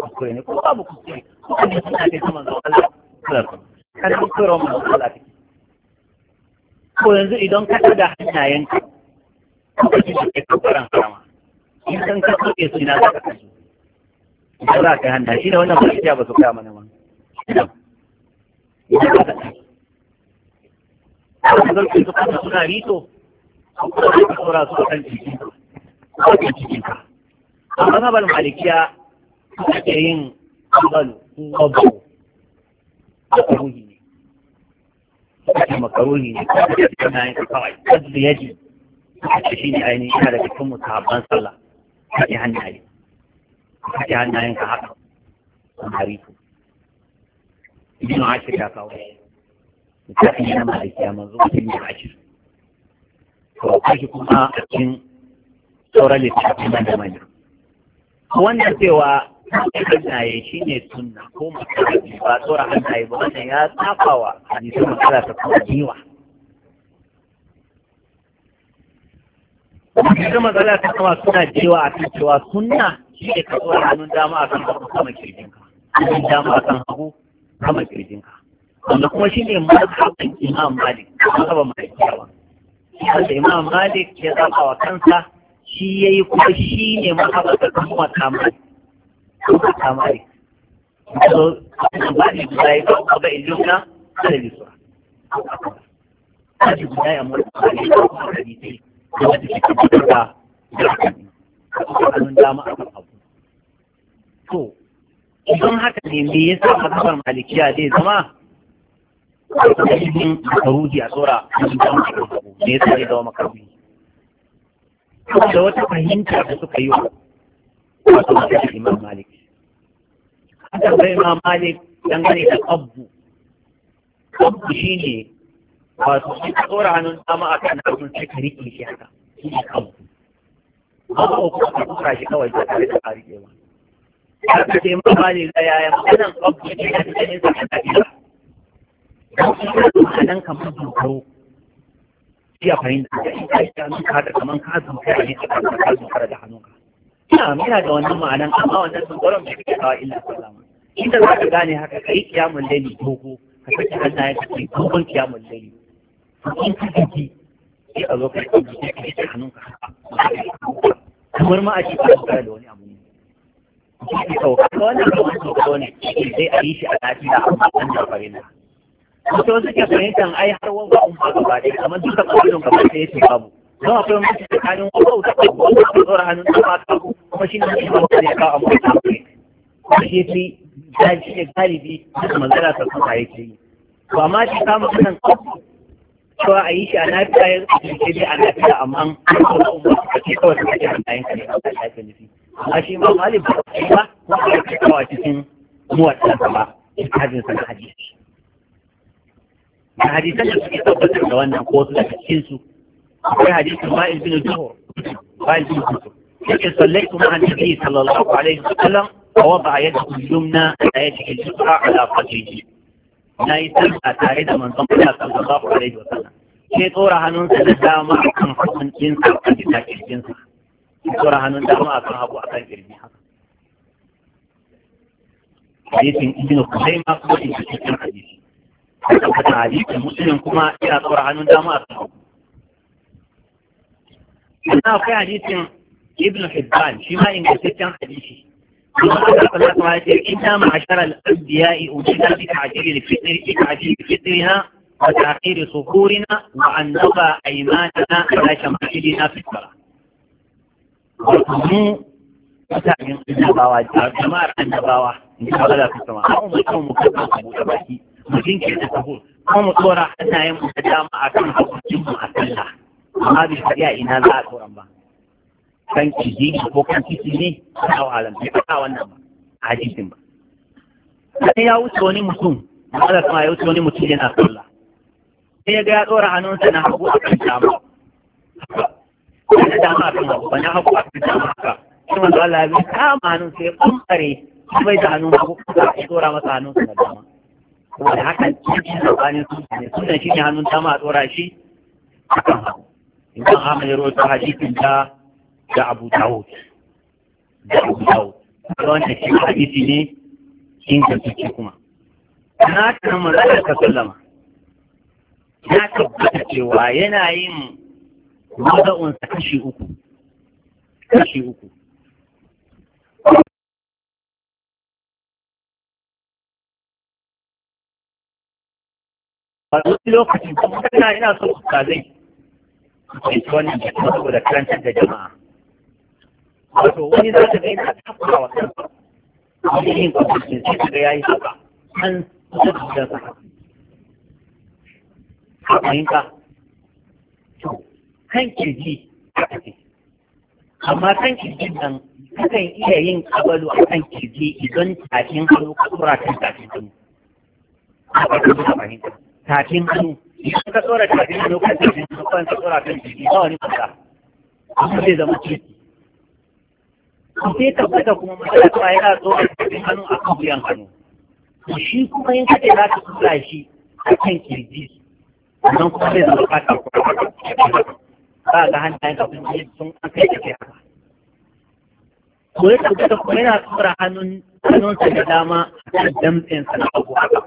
kuskure ne ko babu kuskure ko Kuma yi suna da saman zuwa Allah sallallahu kan kuskure mu da Allah take ko yanzu idan ka da hannayen ka ka harama in ka su ina ka kasu idan za ka shi ne wannan ba ba su ne zan rito, kowace cikin ka a mazhabar malikiya ake yin kabalu kabalu a karuhi ne ake makaruhi ne na yin kawai kasu yaji ake ne ainihin yana cikin musahabban sallah kaɗe hannaye kaɗe hannayen ka haka samari ku ibn ashir ya kawo yana malikiya manzo mutum ya ashir to akwai kuma a cikin sauran littafi da manya Wannan cewa hannaye shi ne sunna ko makarabi ba tsora hannaye ba wannan ya tsafawa a nisa makara ta kuma jiwa Nisa matsala ta kuma suna jiwa a kan cewa sunna shi ne ka tsora hannun dama a kan hagu kama kirjinka, hannun dama a kan hagu kama kirjinka. Wanda kuma shi ne mazhabin Imam Malik, mazhabin Malikiyawa. Wanda Imam Malik ya zaɓa wa kansa shi ya yi kuma shi ne mahabbata kan kuma kan makamai so ba ni guda ya kawo kaba in jumla da bisura ba ni guda ya mura ba ne kawo kuma da bisai da wata Kuma tabbatar kuma kuma hannun dama a kan abu to idan haka ne me yasa mazhabar malikiya zai zama da cikin makaruhi a tsora a cikin jama'a me zama makaruhi da wata fahimta da suka yi wato da Imam Malik an tambayi Imam Malik dangane da qabbu qabbu shine wato shi ka tsora hannun dama akan hannun sai ka rike shi haka shi ne abu abu ko ka tsora shi kawai ba tare da karike ba haka sai Imam Malik da yaya maganan abu shi ne da ne sa ka tafi da kamar dokaro iya fahimta da ita ita nuka da kamar ka zuwa a yi da ka zuwa da hannunka ina yana da wannan ma'anan amma wannan sun tsoron da kake kawo illa sallama inda za ka gane haka kai kiyamun laili dogo ka saki hannaye ka ce dogon kiyamun laili in ka gaji sai a zo ka yi kwanci ka yi ta hannunka kamar ma a ce ka zuwa da wani abu ne ka sauka, wannan kawai sauka ne, sai a yi shi a lafiya amma an jafare na. wato suke fahimtar ai har wanka un ba gaba ɗaya kamar duka ƙasirin gaba ɗaya yake babu don akwai mutu tsakanin wanka wuta ko wanda ka tsora hannun mata ta kuma shi ne mutu ba ya kawo amma ta kuma shi fi daji ne galibi duka manzara ta kuma ya ce yi to amma shi kama kanan cewa a yi shi a lafiya ya zuke a lafiya amma an kuma umma ba ka ce kawai ka ce hannayen ka ne a kan lafiya nufi amma shi ma malib ba ba kuma ya ce kawai cikin muwatsa ba in ka sana hadisi صليت مع النبي صلى الله عليه وسلم ووضع يده اليمنى على يده اليسرى على لا نايسا اتاهد من ضمنا صلى الله عليه وسلم في طورة هنون سنسامة عن حكم الجنس او حديثك الجنس في طورة هنون دعوة عن ابو عطاء بن حسن حديث ابن القيم اقوى في الحديث ya musulun kuma yana tsawar hannun dama a sahu sannan akwai hadisin ibn hibban shi ma ingantaccen hadisi kuma Allah sallallahu alaihi ta inna ma'ashara al-anbiya'i ujida bi ta'jili fitri ta'jili fitriha wa ta'khiri suhurina wa an ta aymanana ala shama'ilina fi salah mu mutanen annabawa jama'ar annabawa in ta Allah ta sama an umarta mu kan abu da baki mu jinkirta sahur kuma mu tsora yin mu da dama a kan hakuncin mu a sallah amma bai faɗi a ina za a tsoron ba kan kiji ko kan titi ne a alam bai faɗa wannan ba a hadisin ba sai ya wuce wani mutum Allah kuma ya wuce wani mutum yana sallah sai ya ga ya tsora hannunsa na hagu a kan dama da dama a kan hagu ba na hagu a kan dama haka shi manzo Allah ya bi kama hannun sai ya kumbare bai da hannun hagu ya tsora masa hannunsa na dama kuma da haka cikin sabanin sunna ne sunna shi ne hannun dama a tsora shi kan hagu in kan ya rota hadisin ta da Abu Dawud da Abu Dawud wanda shi hadisi ne in ka tuki kuma na kan mazalar ka sallama ya tabbata cewa yana yin maza'unsa kashi uku kashi uku a zuci lokacin kuma kana ina so ustazai su fahimci wannan da kuma saboda karantar da jama'a wato wani za ka ga yana takura wa kansa wani yin kwamfashin sai ka ga ya yi haka an kusa da gidan sa a fahimta to kan kirji amma kan kirjin nan kakan iya yin kabalu a kan kirji idan tafin hannu ka tura kan tafin hannu a fahimta tafin hannu idan ka tsora tafin hannu kan tafin hannu kan ka tsora kan jiki ba wani kuka amma zai zama ciki ko sai tabbata kuma matsala ta yana tsora tafin hannu a kan wuyan hannu to shi kuma yin kace za ka tsora shi a kan kirji idan kuma zai zama fata ba ga hannayen kafin sun an kai kake haka ko ya tabbata kuma yana tsora hannun hannunsa da dama a kan damtsensa na abu haka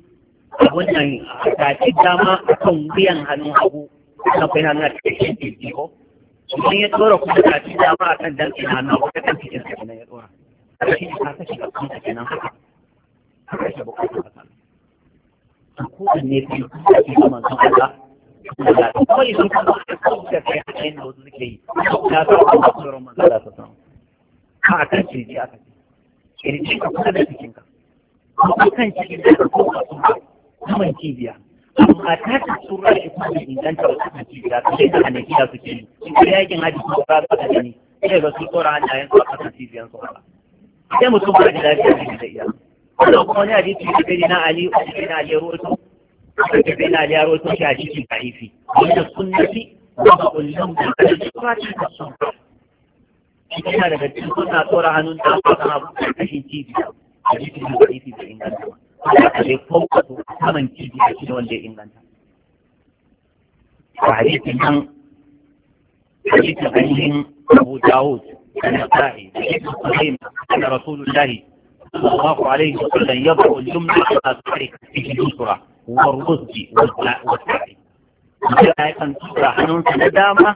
wannan tafi dama a kan wuyan hannun hagu na kai hannun a cikin kirji idan ya tsora kuma tafi dama a kan dantsin hannun hagu ta kan cikin sa kenan ya tsora haka shi ka kashe ga kanka kenan haka haka shi bukatar haka a kowanne fi da fi kuma sun Allah kuma idan ka ba ka kai a cikin da wasu suke yi ta sa kuma tsoron manzala ta samu ka a kan kirji aka ce kirji ka kusa da cikinka kuma kan cikin da ka kowa sun ba saman cibiya amma ta ta sura shi kuma da inganta wasu kan cibiya su sai da hanafiya su ke yi in kuma yakin haji kuma ba su ka gani sai ga su tsora hannayen su a kan cibiyan su haka sai mutum ba da lafiya ne da iya wanda kuma wani hadisi da gani na ali wani gani na ali roto wani gani na ali roto shi a cikin kaifi wanda sun sunnati wa ba'ullum da kanin sura ce ta sunna yana daga cikin suna tsora hannun ta da aka samu kashin cibiya a cikin da ifi da inganta ala kare kwankwato a saman kirji a cikin wanda ya inganta a hadisin nan hadisin ainihin abu dawud da nasa'i da ibn sulaim da rasulullahi sallallahu alaihi wa sallam yad'u al-jumla ala tarika fi nusra wa ar-rusd wa al-sa'i mutum ya yi kan tura hannunsa na dama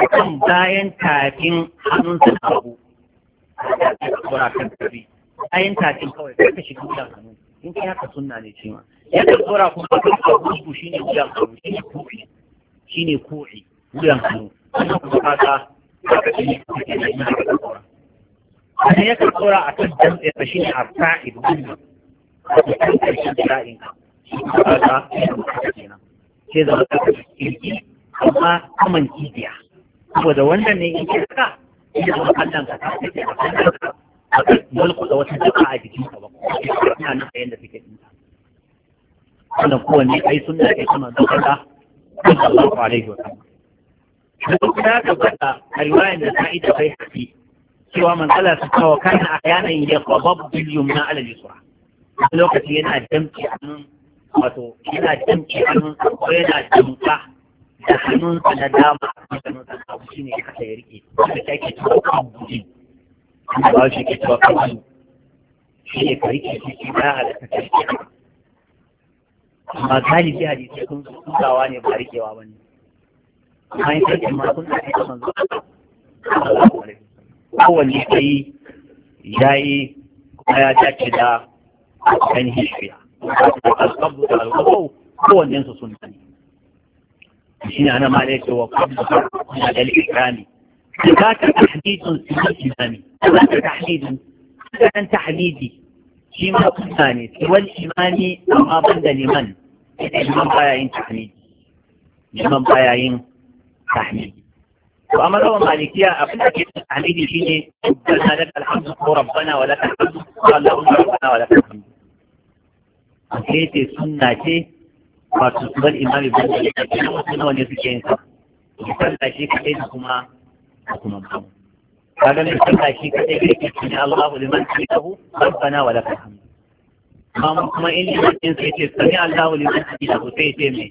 a kan bayan tafin hannunsa na hagu a kan tura kan tafi bayan tafin kawai kai ka shiga wutan hannunsa in kai haka sunna ne cewa yadda tsora kuma kan kuku shine wuyan hannu shine kuɗi shine kuɗi wuyan hannu wannan kuma kaka kaka shine kuɗi ne na kaka tsora sannan yakan tsora a kan dantse ka shine a sa'id wannan wato kan karshen sa'in ka shi kuma kaka shine kenan Ke zama kaka kirki amma kaman kibiya saboda wannan ne in kai haka ina kuma kallon ka ta kai a kallon ka ka mulkuɗa wata jaka a jikin ka ba ina nan a yadda suke dinka wannan kowanne ai sun da ke sama da kaza sallallahu alaihi wa sallam duk ya tabbata a riwayar da ta ita kai hafi cewa manzala su kawo kana a yanayin ya kwabab bilyum na alal yusra lokaci yana damke hannun wato yana damke hannun ko yana damka da hannunsa na dama da hannunsa na abu shine ya kasa ya rike wanda take cewa kan bujin kuma ba shi ke cewa kawai shi ne ka rike shi ke ya halatta ta rike amma galibi hadisi sun tsawa ne ba rikewa ba ne amma yin sarki ma sun tsaye ta manzo kowanne ta yi ya yi kuma ya dace da kan hishiya alƙabu da alƙabu kowannen su sun tsaye shi ne ana ma da yake wa kwamfuta na dalilin rami ذاك تحديد سوى الإمام ذاك تحديد هذا عن تحديدي في فيما ثاني سوى الإمام أما بند لمن لمن بايعين تحديدي لمن بايعين تحديدي وأما روى مالكية أبدا كده تحديدي فيني ربنا لك الحمد لله ربنا ولا تحمد قال لهم ربنا ولا تحمد أكيد سنة شيء بن الإمام بن لمن سنة ونسجين سنة يسأل شيء كده كما da kuma mu kaga mai sallah shi kadai da yake cikin Allahu liman hamidahu rabbana wa lakal hamd amma kuma in liman din sai ce sami Allahu liman hamidahu sai ce me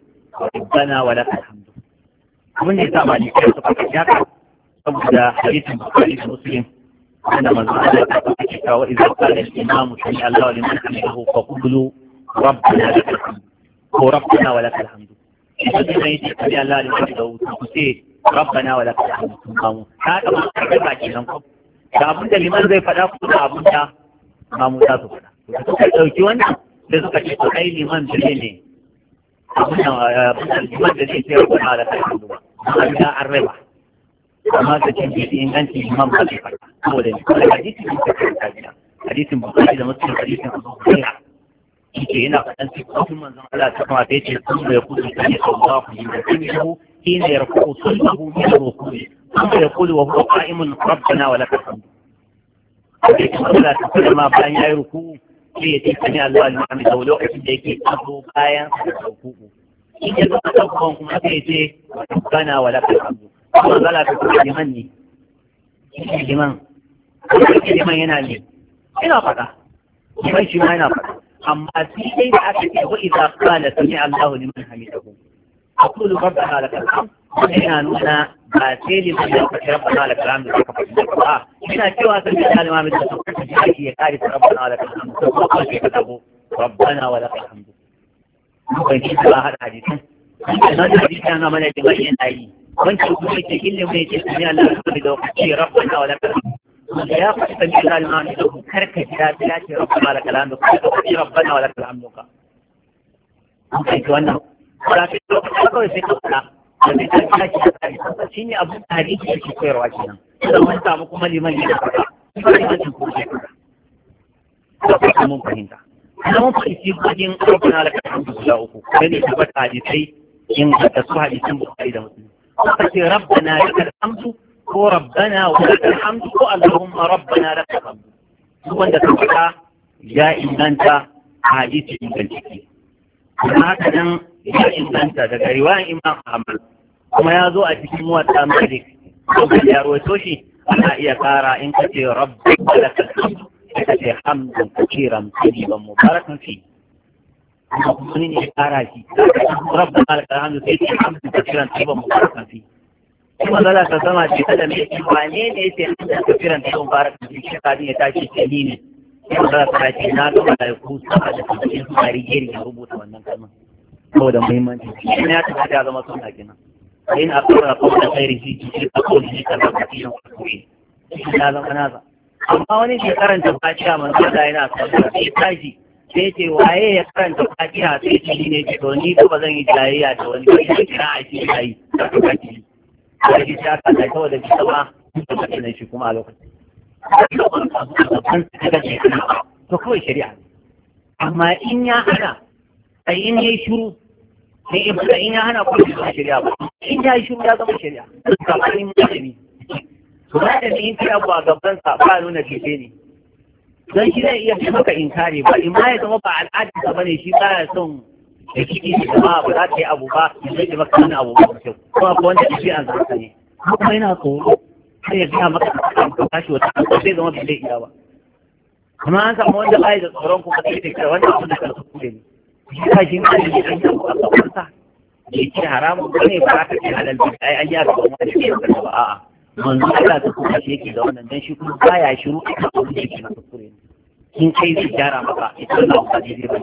rabbana wa lakal hamd abin da ya yasa malikai suka fi haka saboda hadisin Bukhari da Muslim wanda manzo Allah ta faɗa cewa wa idza qala al-imam sami Allahu liman hamidahu fa qulu rabbana wa lakal hamd ko rabbana wa lakal hamd idan mai ce sami Allahu liman hamidahu sai rabbana wa lakal hamdu kun kamu ta ga ba ba nan ko da abin da liman zai faɗa ko da abin da mamu ta su faɗa da suka ɗauki wannan da suka ce to ai liman da ne abin da liman da zai ce rabbana wa lakal hamdu ba an ga an raba amma da cin jiki inganci liman ba zai faɗa saboda ne kuma hadisi ne ta kai tabiya hadisin bukari da muslim hadisin abu hurairah yake yana faɗan sai kuma manzon Allah ta kamata yace kun da ya kudu ta ne sau za ku yi da kun حين يركع صلبه من الركوع ثم يقول وهو قائم ربنا ولك الحمد ولا تقول ما بان يا ركوع sai ya ce sami Allah al-Muhammad da lokacin ke yake abu bayan rukuku in ya zama tabbaban kuma sai ce bana wala kalhamdu kuma zala ta kuma liman ne liman liman yana ne yana faɗa liman shi amma sai dai da aka ce Allah أقول ربنا لك nuna ba sai ne mai da kwanciyar bana da kalam da suka da ba ina cewa sun yi kalma mai da suka faɗi da ake ya kare rabbana da kalam da kuma kawai ka tabo rabbana wa lakal hamdu mukan ci ba hada hadisin nan da hadisi ana mana da bayin ayi wancan yake ille mai ce sun yi Allah da kuma da kwanciyar rabbana wa lakal ya faɗi da kalma mai da karka jira ta ce da kalam da kuma rabbana wa lakal hamdu ba ka yi kawai sai ka da shi ne abin da koyarwa kenan da mun samu kuma liman ne da kuma ko sai fara da kuma mun fahimta kuma mun guda uku su da ce ko ko allahumma wanda ka fata ya inganta hadisi inganciki amma haka nan ya inganta daga riwayan imam ahmad kuma ya zo a cikin wata malik kuma ya rawaito shi ana iya kara in ka ce rabbi lakal hamdu ka ce hamdan kaciran ba mubarakan fi wani ne ya kara shi rabbi lakal hamdu sai ce hamdan kaciran tayyiban mubarakan fi kuma za ka sama ce kada mai wane ne sai hamdan kaciran ba mubarakan fi shi kadin ya tashi ce ni ne yau za ka ce na ga malaiku sama da sabbin su a rigeri ya rubuta wannan kalmar saboda muhimmanci shi ne ya tafi ya zama suna kenan in a kawai a kawai da kairi shi ke a kawai shi ka zama shi yan kwakwai shi ya zama nasa amma wani ke karanta fatiha man kada yana sabbin sai tashi sai ce waye ya karanta fatiha sai ce shi ne ke to ni ko ba zan yi jayayya da wani ba shi kira a shi ya yi da kuka ci. Sai ki ta kada kawai da ki sama da shi kuma a lokacin. to kawai shari'a amma in ya hana a in ya yi shuru in ya hana kuma ba shari'a ba in ya yi shuru ya zama shari'a tsakanin malami to da ne in kai abu a gaban sa ba nuna fice ne don shi zai iya fi maka inkari ba in ma ya zama ba al'adar sa bane shi ba ya son da kiki da jama'a ba za ta yi abu ba ya zai maka wani abu ba kyau kuma ko wanda shi an zaka ne kuma yana tsoro har ya gina maka ka tashi wata hanyar zai zama bai zai iya ba Kuma an samu wanda ba ya da tsoron kuma sai da wanda abin da kan su kure ne shi ka shi ne da an yi a kafansa da ke haramun ba ne ba ka ce halal ba ai an yi a kafansa da ke da ba a'a manzo Allah ta kuma shi yake da wannan dan shi kuma baya shiru a kan abin da ke na kure ne kin kai zai gyara maka ita Allah ba zai ba.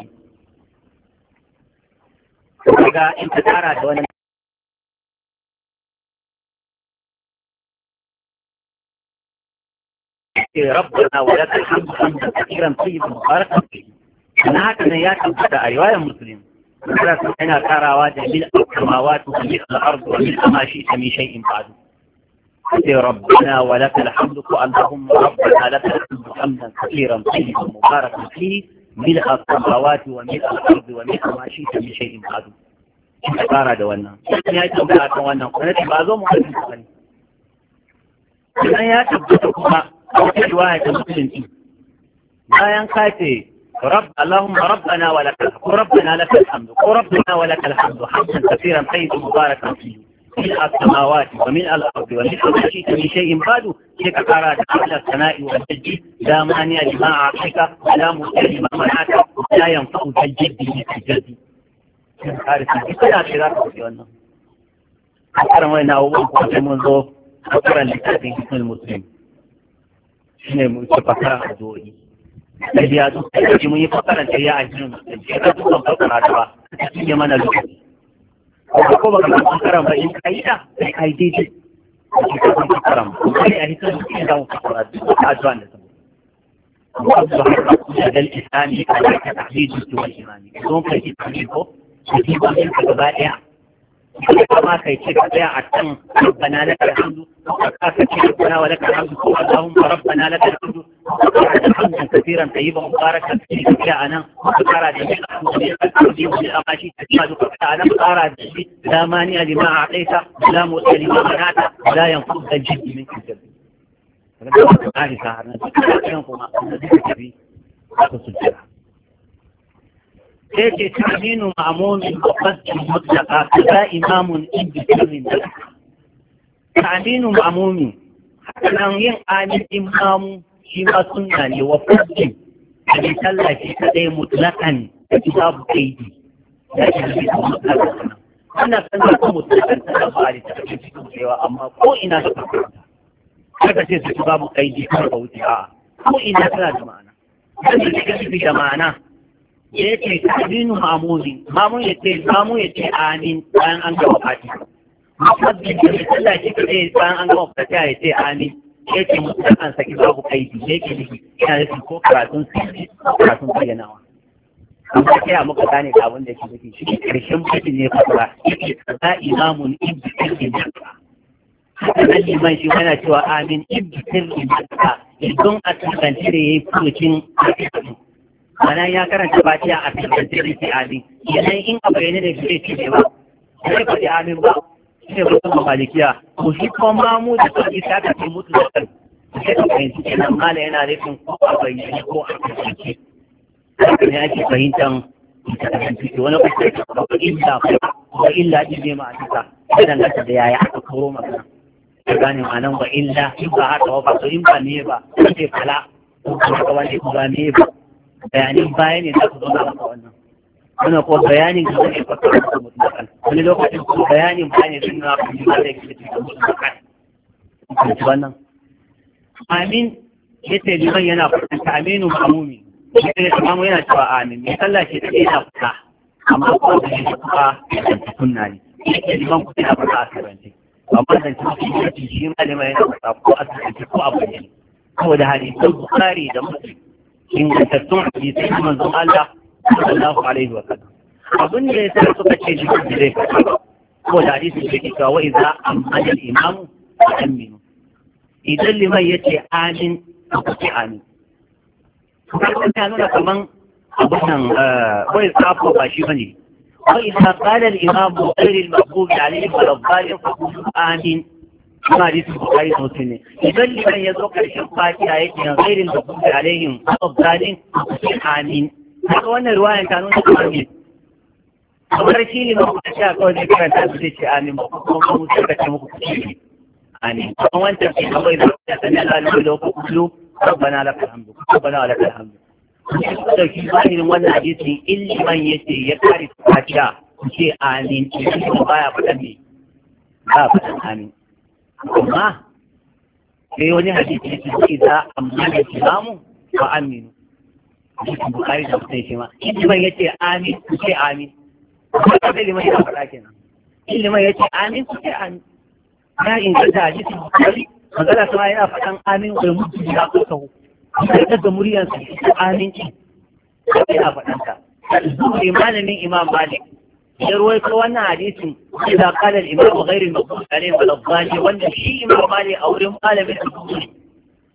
bane kaga in ka tsara da wani ربنا ولك الحمد حمدا كثيرا طيبا مباركا فيه أنا هكذا حتى ايوه رواية مسلم انا حين ترى واجه ملء السماوات وملء الأرض وملء ما شئت من شيء بعد ربنا ولك الحمد اللهم ربنا لك الحمد حمدا كثيرا طيبا مباركا فيه ملء السماوات وملء الأرض وملء ما شئت من شيء بعد ka fara da wannan sun ya tambaya kan kaukaiwa da mutumin ji bayan ka ce rab Allahum rabbana wa lakal ko rabbana lakal hamdu ko rabbana wa lakal hamdu hamdan katiran tayyiban mubarakan fi min as-samawati wa min al-ardi wa min kulli shay'in min shay'in badu sai ka kara da Allah sana'i wa tajji da mani ya jima a kika da mu sai mu mana ta ya mu tajji bi tajji kare shi duk da shi da shi wannan na uwan ko mun zo a kuran littafin ismail muslim shine mun ce fasara a zoyi sai ya zo sai mun yi fakara sai ya ajin sai ka duka ta ba shi ne mana lokaci ko ba ka fakara ba in kai da sai kai daidai ka san fakara mu kai a hitar da shi da mu fakara ta zuwa da sama وأصبح هذا الإنسان على تحديد السوء الإيماني. يكون في تحديده يجب أن يلحق بائع kuma kai ce ka tsaya a kan rabbana laka alhamdu ka ka ce ka tsaya wa laka alhamdu ko Allahu rabbana laka alhamdu ka ka ce hamdan kaseeran tayyiban mubarakan ke tsaya anan ka fara da shi ka ce ka tsaya a kashi ta ce ka tsaya da ka fara da shi da mani a lima a kaita da mu tsari da manata da yan ku da jiki ne ke jabi kada ka tsaya da shi har na tsaya kuma da jiki ba sai ce taminu a mafaskin mutlaka ka za imamun inda kirin da taminu ma'amumi hakanan yin amin imamu shi ma sunna ne wa faskin a bi sallah shi kadai mutlakan da shi babu kaidi da shi da mutlakan ana san da kuma mutlakan ta ba da ta cikin cewa amma ko ina da faskin kada ce su babu kaidi kuma ka wuce a ko ina tana da ma'ana kada ce da ma'ana yake ce mamuni mamun yake mamun ya ce amin bayan an gaba fati musabbin da ya sallah shi ka dan bayan an gaba fati ya ce amin ya ce an saki babu kai ya ke nufi yana nufin ko karatun sirri ko karatun bayyanawa amma kira muka gane ga abin da ke nufi shi karshen mutum ne fa ba yake kaza imamun ibbi sirrin jaka haka nan liman shi yana cewa amin ibbi sirrin jaka idan a tantance da yayi furucin a ana ya karanta fatiha a cikin sirri ali Yanayin in a bayyana da shi ce ba sai faɗi amin ba sai ba kuma malikiya ko shi ko mu da sarki ta ka cikin mutu da kan sai ka fahimci kenan mala yana nufin ko a bayyane ko a kasance haka ne ake fahimtar mutanen wani kusurci ba ku illa ba illa ɗin ne ma'ajisa ya danganta da yaya aka koro magana ka gane ma'anan ba illa in ba haka ba ba in ba ne ba sai fala ko kuma ka wani ba ne ba bayanin baya ne za ku zo maka wannan wannan ko bayanin ka zai fata da mutlakan wani lokacin ko bayanin baya ne zai na ku ji zai ke cikin mutlakan wannan amin yace liman yana fata aminu ma'mumi yace imamu yana cewa amin mai sallah ce take yana fata amma ko da shi da sunna ne yace liman ku yana fata asirance amma dan ci shi ma liman yana fata ko a asirance ko abin da saboda hadisi Bukhari da Muslim ingantattun hadisai kuma manzon Allah sallallahu alaihi wa sallam abin da ya sa suka ce jikin da zai fara ko da hadisi da ke cewa wai za a mana imam a aminu idan liman ya ce amin ku kuce amin kuma ta nuna kaman abin nan eh, wai tsafo ba shi bane wai sa qala al-imam ghayril maghdubi alaihim wa ad-dallin fa qul amin kuma hadisi bukari da ne. idan liman ya zo karshen fatiha ya ce ghairin da kuma alaihim afdalin amin haka wannan ruwayan ta nuna amin kamar shi ne mai fatiha kawai zai karanta su zai ce amin ba kuma kuma mutum ka ce muku kuci amin kuma wancan ke kawai da ya sani alalu da ku kullu rabbana lakal hamdu rabbana lakal hamdu ku dauki zahirin wannan hadisi in liman ya ce ya kare fatiha ku ce amin idan ba ya faɗa ne ba faɗa amin amma sai wani hadisi yake ce za a mana islamu fa aminu hadisin bukari da mutum shi ma ilimin yace amin ku ce amin kuma da liman ya faɗa kenan ilimin yace amin ku ce amin na inganta hadisin bukari magana ma yana faɗan amin wai mutum ya kuka hu sai daga muryansa amin ɗin yana faɗan ta zuwa imanin imam malik يرويك وانا حديث إذا قال الإمام غير المقبول عليه ولا الضالي وانا شيء إمام مالي أوريهم قال من المقبول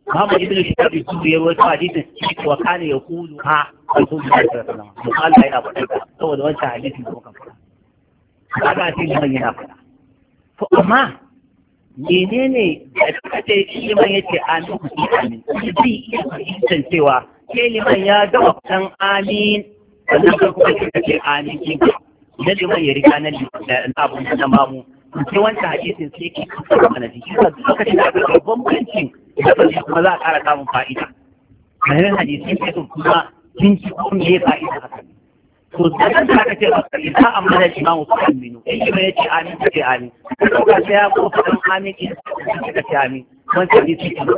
محمد ابن شهاب الزهري يروي حديث وكان يقول ها يقول الله صلى الله عليه وسلم وقال لا ينافع هو ده وانت حديث المقبول kaga sai liman yana faɗa to amma menene da suka ce liman yace amin ku ce amin zai iya fahimtar cewa ke liman ya gama faɗan amin sannan ka kuma ce amin kinka na liman ya riga na abun na mamu sai wancan hadisin sai ke kasa mana jiki lokacin da aka ga bambancin da ba kuma za a ƙara samun fa'ida bayan hadisi sai sun kuma sun ci ko me fa'ida haka to da kan ta aka ce ba sai ta amma da imam su kan minu sai kuma yace amin ce amin to ka sai ya ko fadan amin ki ka ce amin wancan hadisi ke ba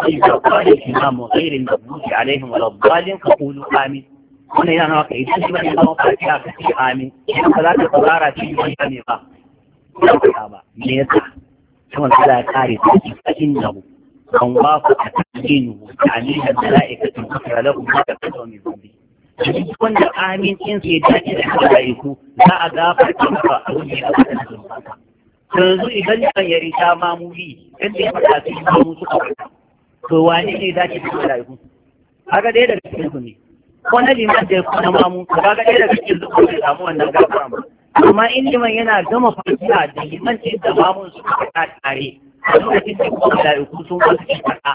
sai ka fara imam ghairin da buki alaihim wa dalin ka qulu amin wannan yana nawa ka idan shi zama farki a ka ce amin idan ba za ka tsara shi ba Ya ne ba ba ba me yasa saboda Allah ya kare ta ki fa innahu kan ba ku ta'inu ta'amin malaikatu ka lahu ka tsawo min da duk wanda amin din sai da ki da malaiku za a gafarta maka a wuri a kan zuwa yanzu idan kan yari ta mamuri da ya fada su yi mamu suka to wani ne da ki da malaiku haka dai da cikin ne ko na liman da ya na mamu ba ga ɗaya daga cikin zuwa bai samu wannan gafara ba amma in liman yana gama fatiha da liman ce da mamun su ka tare a lokacin da kuma mala'iku sun wasu ke faɗa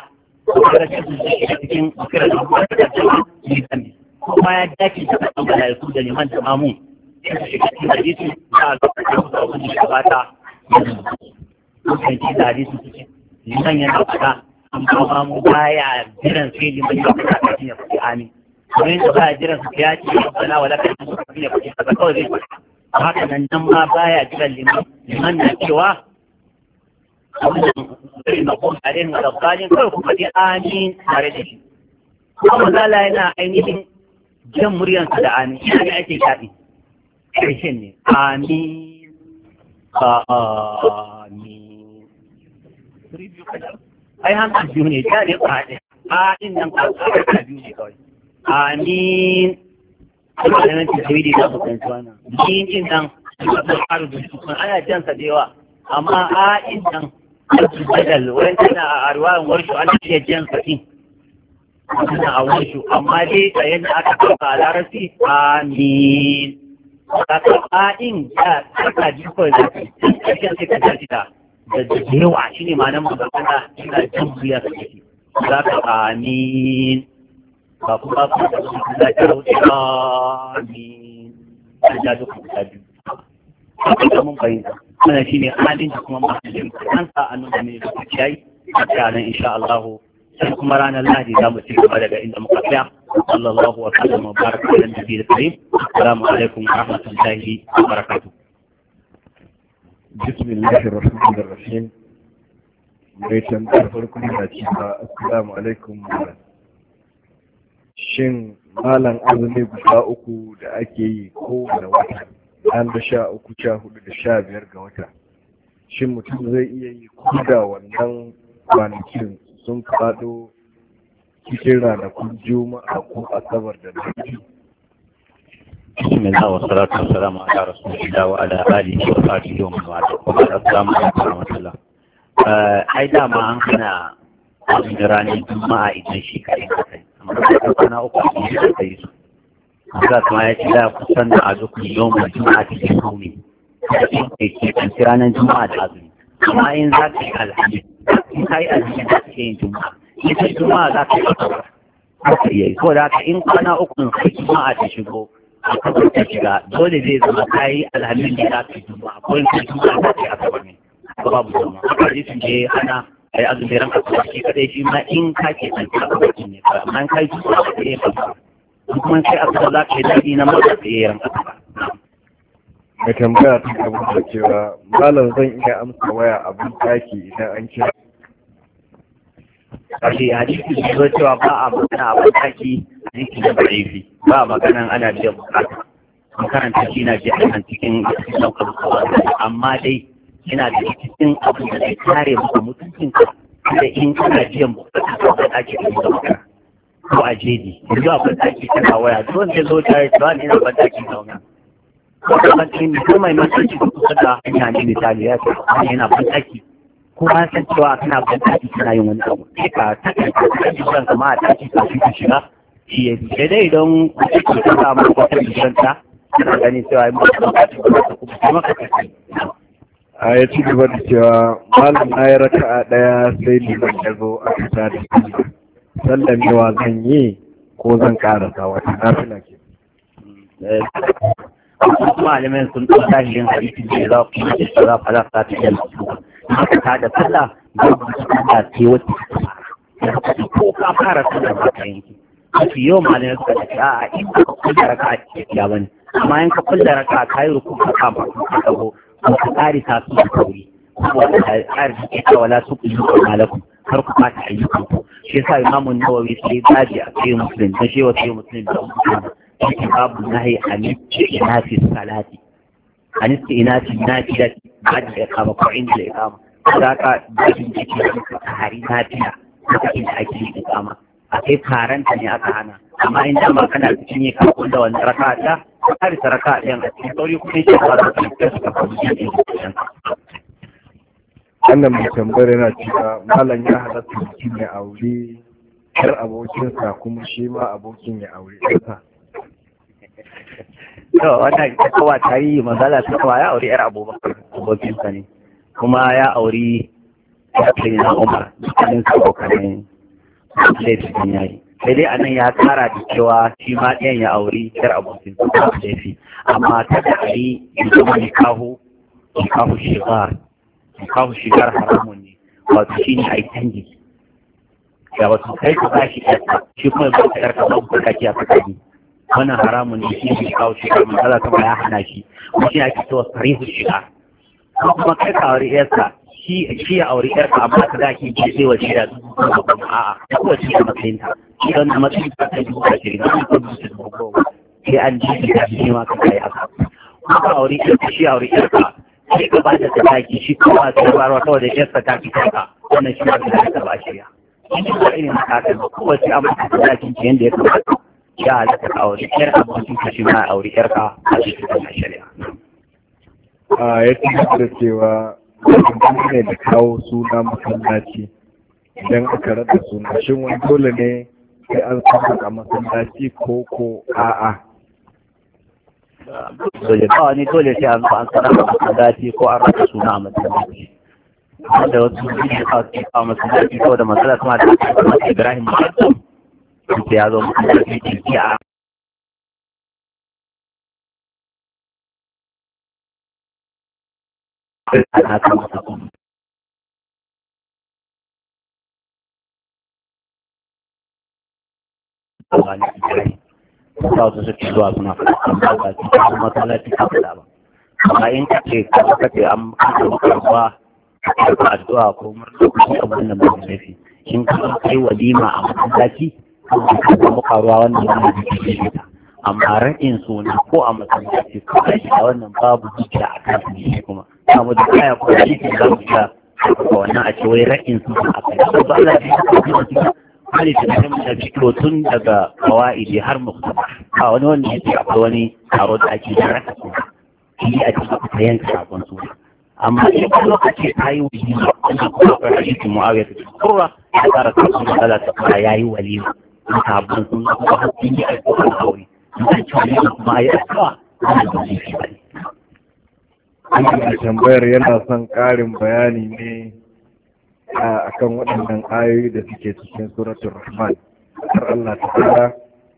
ko ga cikin zuwa cikin kira da kuma da jama'a liman ne kuma ya dace da ya kusa da liman da mamun sai su shiga cikin hadisi da alƙawarin da wani shugabata kan ci da hadisi cikin liman yana faɗa amma mamu baya jiran sai liman ya faɗa kafin ya faɗi amin domin da baya jiran su ya ce ya sana wa laka yin su ya kuɗi kaza kawai zai faɗa haka nan nan ma baya jiran liman liman na cewa wannan zai na kuma tare da rabbalin kawai kuma dai amin tare da shi kuma zala yana ainihin jan muryansa da amin shi ne ake shaɗi ƙarshen ne amin amin ai hankali biyu ne ja ne ƙwaɗe a inda ƙwaɗe biyu ne kawai amin kuma da nan tajwidi da su kan tuwana min din nan da faru da su ana jan sa da yawa amma a din nan badal Wani tana a arwayan warshu an ce jan sa din tana a warshu amma dai a yadda aka kafa a larabci amin kaka a din da kaka jikon da ta jan sai ka jaji da da yawa shine ma nan magana ina jin buya da ciki za ka amin فقرأ ذكر إيراني أجادك بسابي فقرأ أن شاء الله سنكم رانا الله إذا مسلم بلد عند مقطع صلى الله وسلم وبارك على النبي الكريم السلام عليكم ورحمة الله وبركاته بسم الله الرحمن الرحيم mai tambayar السلام عليكم cewa assalamu shin malan azumi guda uku da ake yi kowane wata an da sha uku sha hudu da sha biyar ga wata shin mutum zai iya yi ko da wannan kwanakin sun faɗo cikin ranakun juma'a ko asabar da lahadi بسم الله والصلاة والسلام على رسول الله وعلى آله وصحبه ومن والاه وبعد السلام عليكم ورحمة الله أي دام أنكنا أمراني جماعة إذن شيء كريم da kwana uku da ta su Allah kuma ya ce da kusan da azukun yau mai juma'a ta ke da in ke ke kanci ranar juma'a da azumi amma in za ka yi alhaji in ka yi alhaji za ka yi juma'a in ka yi juma'a za ka yi asabar haka yi ko da in kwana uku in ka juma'a ta shigo a kafin ta shiga dole zai zama ka yi alhaji da za ka yi juma'a ko in ka yi juma'a za ka yi asabar ne babu je hana a yi azumi ranka kuma shi kadai shi ma in ka ke san ka ba kin ne ba amma in ka yi kuma ka yi ba kuma sai a kuma za ka yi dadi na ma ka yi ranka ba Ka tambaya ta gaba da cewa malam zan iya amsa waya abin taki idan an kira Kashi hadisi da zo cewa ba a magana abin taki hadisi da ba'ifi ba a maganan ana biyan bukata. Makaranta shi na biya a cikin ɗaukar kawai amma dai yana da cikin abin da zai kare maka ka da in kana biyan bukata ko ka ɗaki da mutuncinka ko a jeji yanzu a bandaki tana waya don zai zo tare da wani na da zauna ko da bandaki ne ko mai mutunci ko kusa da hanya ne misali ya ce wani yana bandaki ko an san cewa kana bandaki tana yin wani abu sai ka takan ka ji jiran kama a taki kafin ka shiga shi ya ce dai idan kuce ka ta samu kwatar jiran ta kana ganin cewa yi mutum ba ta kuma ka kasance a ya ci gaba da cewa malam na yi raka a ɗaya sai liman ya zo a fita da sallah sallamewa zan yi ko zan ƙara karasa wata nafila ke malamin sun ɗau yin hadisin da za ku yi da za ku halasta ta yi maka ta da sallah babu sallah ce wacce ko ka fara sallah ba ka yanki mafi yawan malamai suka ce a'a in ka kulla raka a cikin ya bane amma in ka kulla raka ka yi rukun ka kama ka dago ko ka ƙarisa su da kauri saboda arziki ta wala su ku yi malakum kar ku ɓata ayyukan ku shi yasa imamun nawawi sai zaji a cikin musulun don shi wata musulun da musulun yake babu nahi a nufi na fi salati a nufi ina fi na fi da bada da kama ko inda ya kama za ka gajin jiki da suka hari na fiya lokacin da ake yi kama a kai karanta ne aka hana amma in dama kana cikin yi kakon da wani raka'a kare saraka a yan gaske sauri kuma yake ba da kanta su kafa su yi wannan mai tambayar yana cewa malam ya halatta mutum ya aure ƴar abokinsa kuma shi ma abokin ya aure ɗansa to wannan kowa tarihi mazala ta kowa ya aure ƴar abubakar abokinsa ne kuma ya aure ya kai na umar dukkanin su abokanin laifin yayi sai dai anan ya kara da cewa shi ma ɗayan ya auri kar abokin su ba da amma ta da a yi zama nikahu nikahu shigar nikahu shigar haramun ne wato shi ne a yi canji ga wasu kai ka bashi yarka shi kuma ba ta yarka ba ku kaki a tsakani wannan haramun ne shi ne nikahu shigar mun kala kuma ya hana shi kuma shi ake cewa sarihu shigar kuma kai ka auri yarka shi ya auri yarka amma ta da ke ce sai wa shi da a'a shi da matsayinta idan a matsayin ka kai dubu ashirin na kuma da su dubu goma sai an ji da shi ma ka kai haka ko ka aure ka shi aure ka sai ka ba da sadaki shi kuma a ba ruwa kawai da ta sadaki kanka wannan shi ma ka ta ba shirya in ba irin haka ka kowace ta sadakin ki yadda ya kamata ya halatta ka aure yar abokin ka shi ma aure yar ka a cikin wannan shari'a a ya ce da cewa ne da kawo suna masallaci idan aka rada suna shin wani dole ne sai an saka masallaci ko ko a'a Sojatawa ne dole sai an zo an sanar da masallaci ko an raka suna a masallaci. da wasu ne a cikin a masallaci ko da masallaci kuma da ake Ibrahim Muhammad. Sai ya zo masallaci cikin a Thank you. a wani ikirai sa suke zuwa suna faɗa amma ba su ta kuma talaci ta faɗa ba amma in ka ce ka suka ce an kama karɓa karɓa addu'a ko murna ko kuma wannan da mai zafi shin ka kai walima a masallaci ka samu karuwa wannan yana da ke shi ta amma raɗin suna ko a masallaci ko a shi wannan babu hujja a kan shi kuma Ta samu da kaya ko shi ke za mu ga wannan a ce wai raɗin suna a kai ba Allah ya yi hali tunanin da fito tun daga kawa'idi har muktaba a wani wanda yake akwai wani taro da ake da raka suna shi a cikin kuka sabon sura amma in ka lokaci ta yi wani wanda kuma ka rashi su mu'awiyar su kura ya tsara sabon matsala ta fara ya yi walima na sabon suna kuma hukun yi aiko a kawai na cewa ne kuma ya aikawa wanda ba zai fi bane. Ina tambayar yana son ƙarin bayani ne a kan waɗannan ayoyi da suke cikin suratun rahman har Allah ta'ala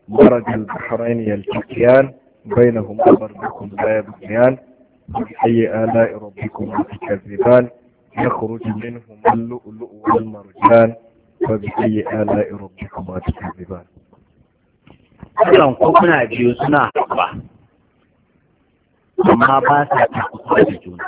maraj al-bahrain yaltaqiyan bainahum barzakhun la yabghiyan ayyi ala'i rabbikum tukazziban يخرج منهما اللؤلؤ والمرجان فبأي آلاء ربكما تكذبان ko kuna biyu suna haɓa, amma ba sa ta kusa da juna.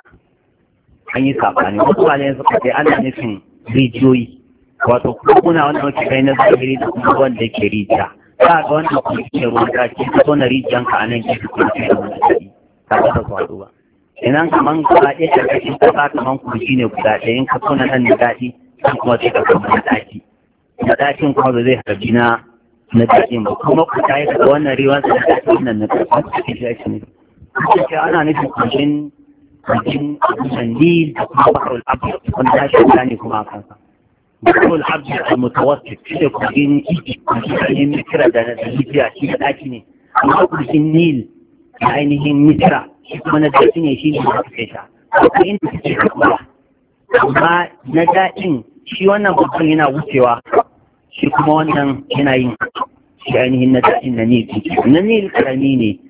An yi saɓani, wasu ba ne suka ce ana nufin rijiyoyi wato kuna wanda muke kai na zahiri da kuma wanda ke rijiya za ga wanda ke ke ruwan kashi ka zo na rijiyan a nan ke kuma ke da wani kashi ka ga ta kwado ba idan kaman ka ɗaya karkashin ba kaman kurji ne guda ɗaya in ka so na nan da daɗi kan kuma sai ka kama na ɗaki na ɗakin kuma ba zai harbi na na daɗin ba kuma ku ta yi daga wannan riwansa da daɗi nan na ƙasa a cikin shi ne. Kuka ce ana nufin kurjin bakin sandil da kuma baharul abdi wanda ya shi ne kuma a kansa baharul abdi al mutawassit shi ne kogin egypt shi ne misira da na libya shi da daki ne amma kogin nil da ainihin misira shi kuma na daki ne shi ne da suke sha akwai inda suke kakwa amma na daɗin shi wannan babban yana wucewa shi kuma wannan yana yin shi ainihin na daɗin na nil na nil karami ne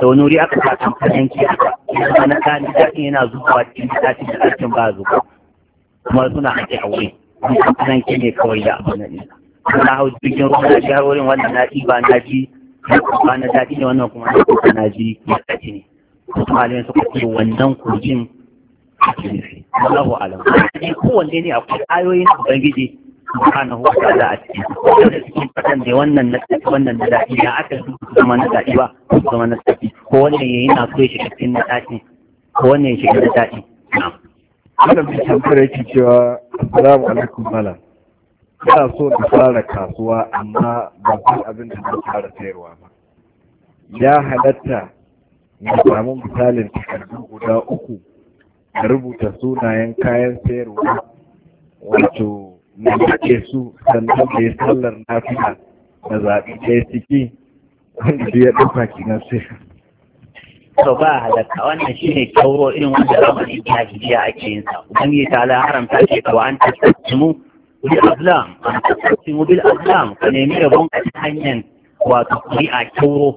da wani wuri aka sa kamfanin ki kuma na kani daɗin yana zuwa cikin daɗin da ɗakin ba zuwa kuma suna haƙe a wuri kamfanin ki ne kawai da abu na ne na hau jirgin ruwa na jihar wurin wannan na ɗi ba na ji na kuma na daɗi ne wannan kuma na kuma na ji na ɗaci ne wasu malamai suka ce wannan kogin ake nufi Allahu alam kowanne ne akwai ayoyin ubangiji subhanahu wa ta'ala a cikin wanda cikin fatan da wannan na wannan da daɗi ya aka zama na daɗi ba zama na daɗi ko wanda ya yi na so ya shiga cikin na daɗi ko wanda ya shiga na daɗi Ana bi tambayar yake cewa Assalamu alaikum malam. Ina so na fara kasuwa amma ba san abin da zai fara sayarwa ba. Ya halatta na samu misalin takardu guda uku da rubuta sunayen kayan sayarwa wato na naɗe su sannan da ya sallar nafiya da zaɓi ɗaya ciki wanda duk ya ɗauka kinan sai to ba halatta wannan shi ne kyauro irin wanda zamani a ake yin sa ubangiji ta ala haramta ce ka an mu bil azlam an mu bil azlam ka nemi rabon a ta hanyar wato a kyauro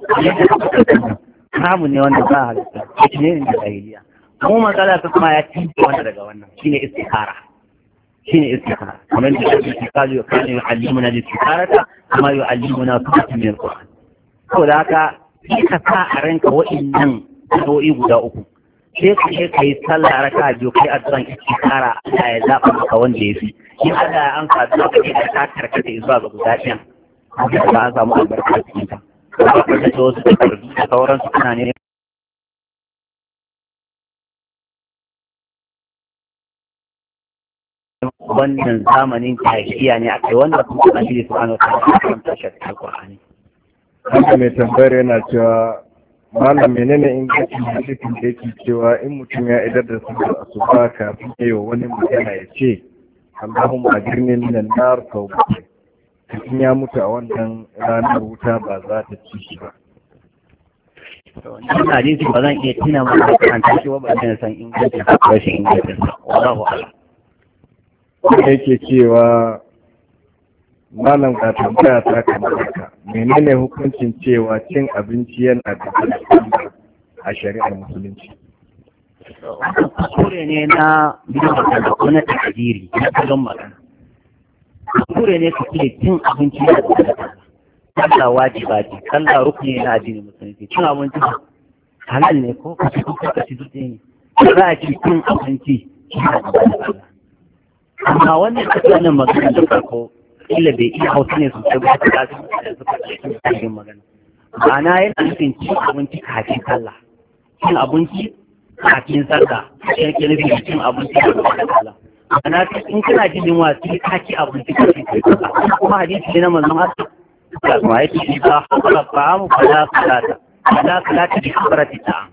haramun ne wanda ba halakka ne ne da jahiliya mu matsala ta kuma ya tinta wanda daga wannan shine istikhara shine istikhara kamar da shi ke kaji ya kana yu'allimuna al-istikhara kama yu'allimuna sunnatan min al-Qur'an saboda haka sai ka sa a ranka wa'annan nau'i guda uku sai ka je kai sallah raka biyu kai addu'an istikhara Allah ya zaba maka wanda yafi in Allah ya amsa addu'a ka da ta zuwa ga guda a samu albarka cikin ta ba ka da wasu suna ne wannan zamanin jahiliya ne akai wanda kuma Ubangiji subhanahu wa ta'ala ya karanta shi a wanda mai tambayar yana cewa malam menene ingancin hadisin da yake cewa in mutum ya idar da sallar asuba kafin ya yi wani magana ya ce Allahumma ajirni minan nar sau bakwai cikin ya mutu a wannan ranar wuta ba za ta ci shi ba wannan hadisi ba zan iya tuna a kan tashi ba ba zan san ingancin shi ingancin wallahu a'lam yake cewa malam ka tambaya ta kamar haka menene hukuncin cewa cin abinci yana da a shari'ar musulunci kure ne na biyan magana ko na takadiri na kallon magana kure ne su ce cin abinci yana da sallah wajiba ce sallah rukuni na addini musulunci cin abinci halal ne ko ka kuka ko ci dutse ne za a ci cin abinci yana da amma wannan nan magana da farko illa bai iya hausa ne sosai ba ta kasu da suka cikin tsarin magana ma'ana yana nufin cin abinci kafin sallah cin abinci kafin sallah shi ke nufin cin abinci kafin sallah ma'ana in kana jin yunwa sai ka ci abinci kafin sallah kuma hadisi ne na mazan Allah da kuma ce shi ba haka ba mu fada salata fada salata bi fara ta'am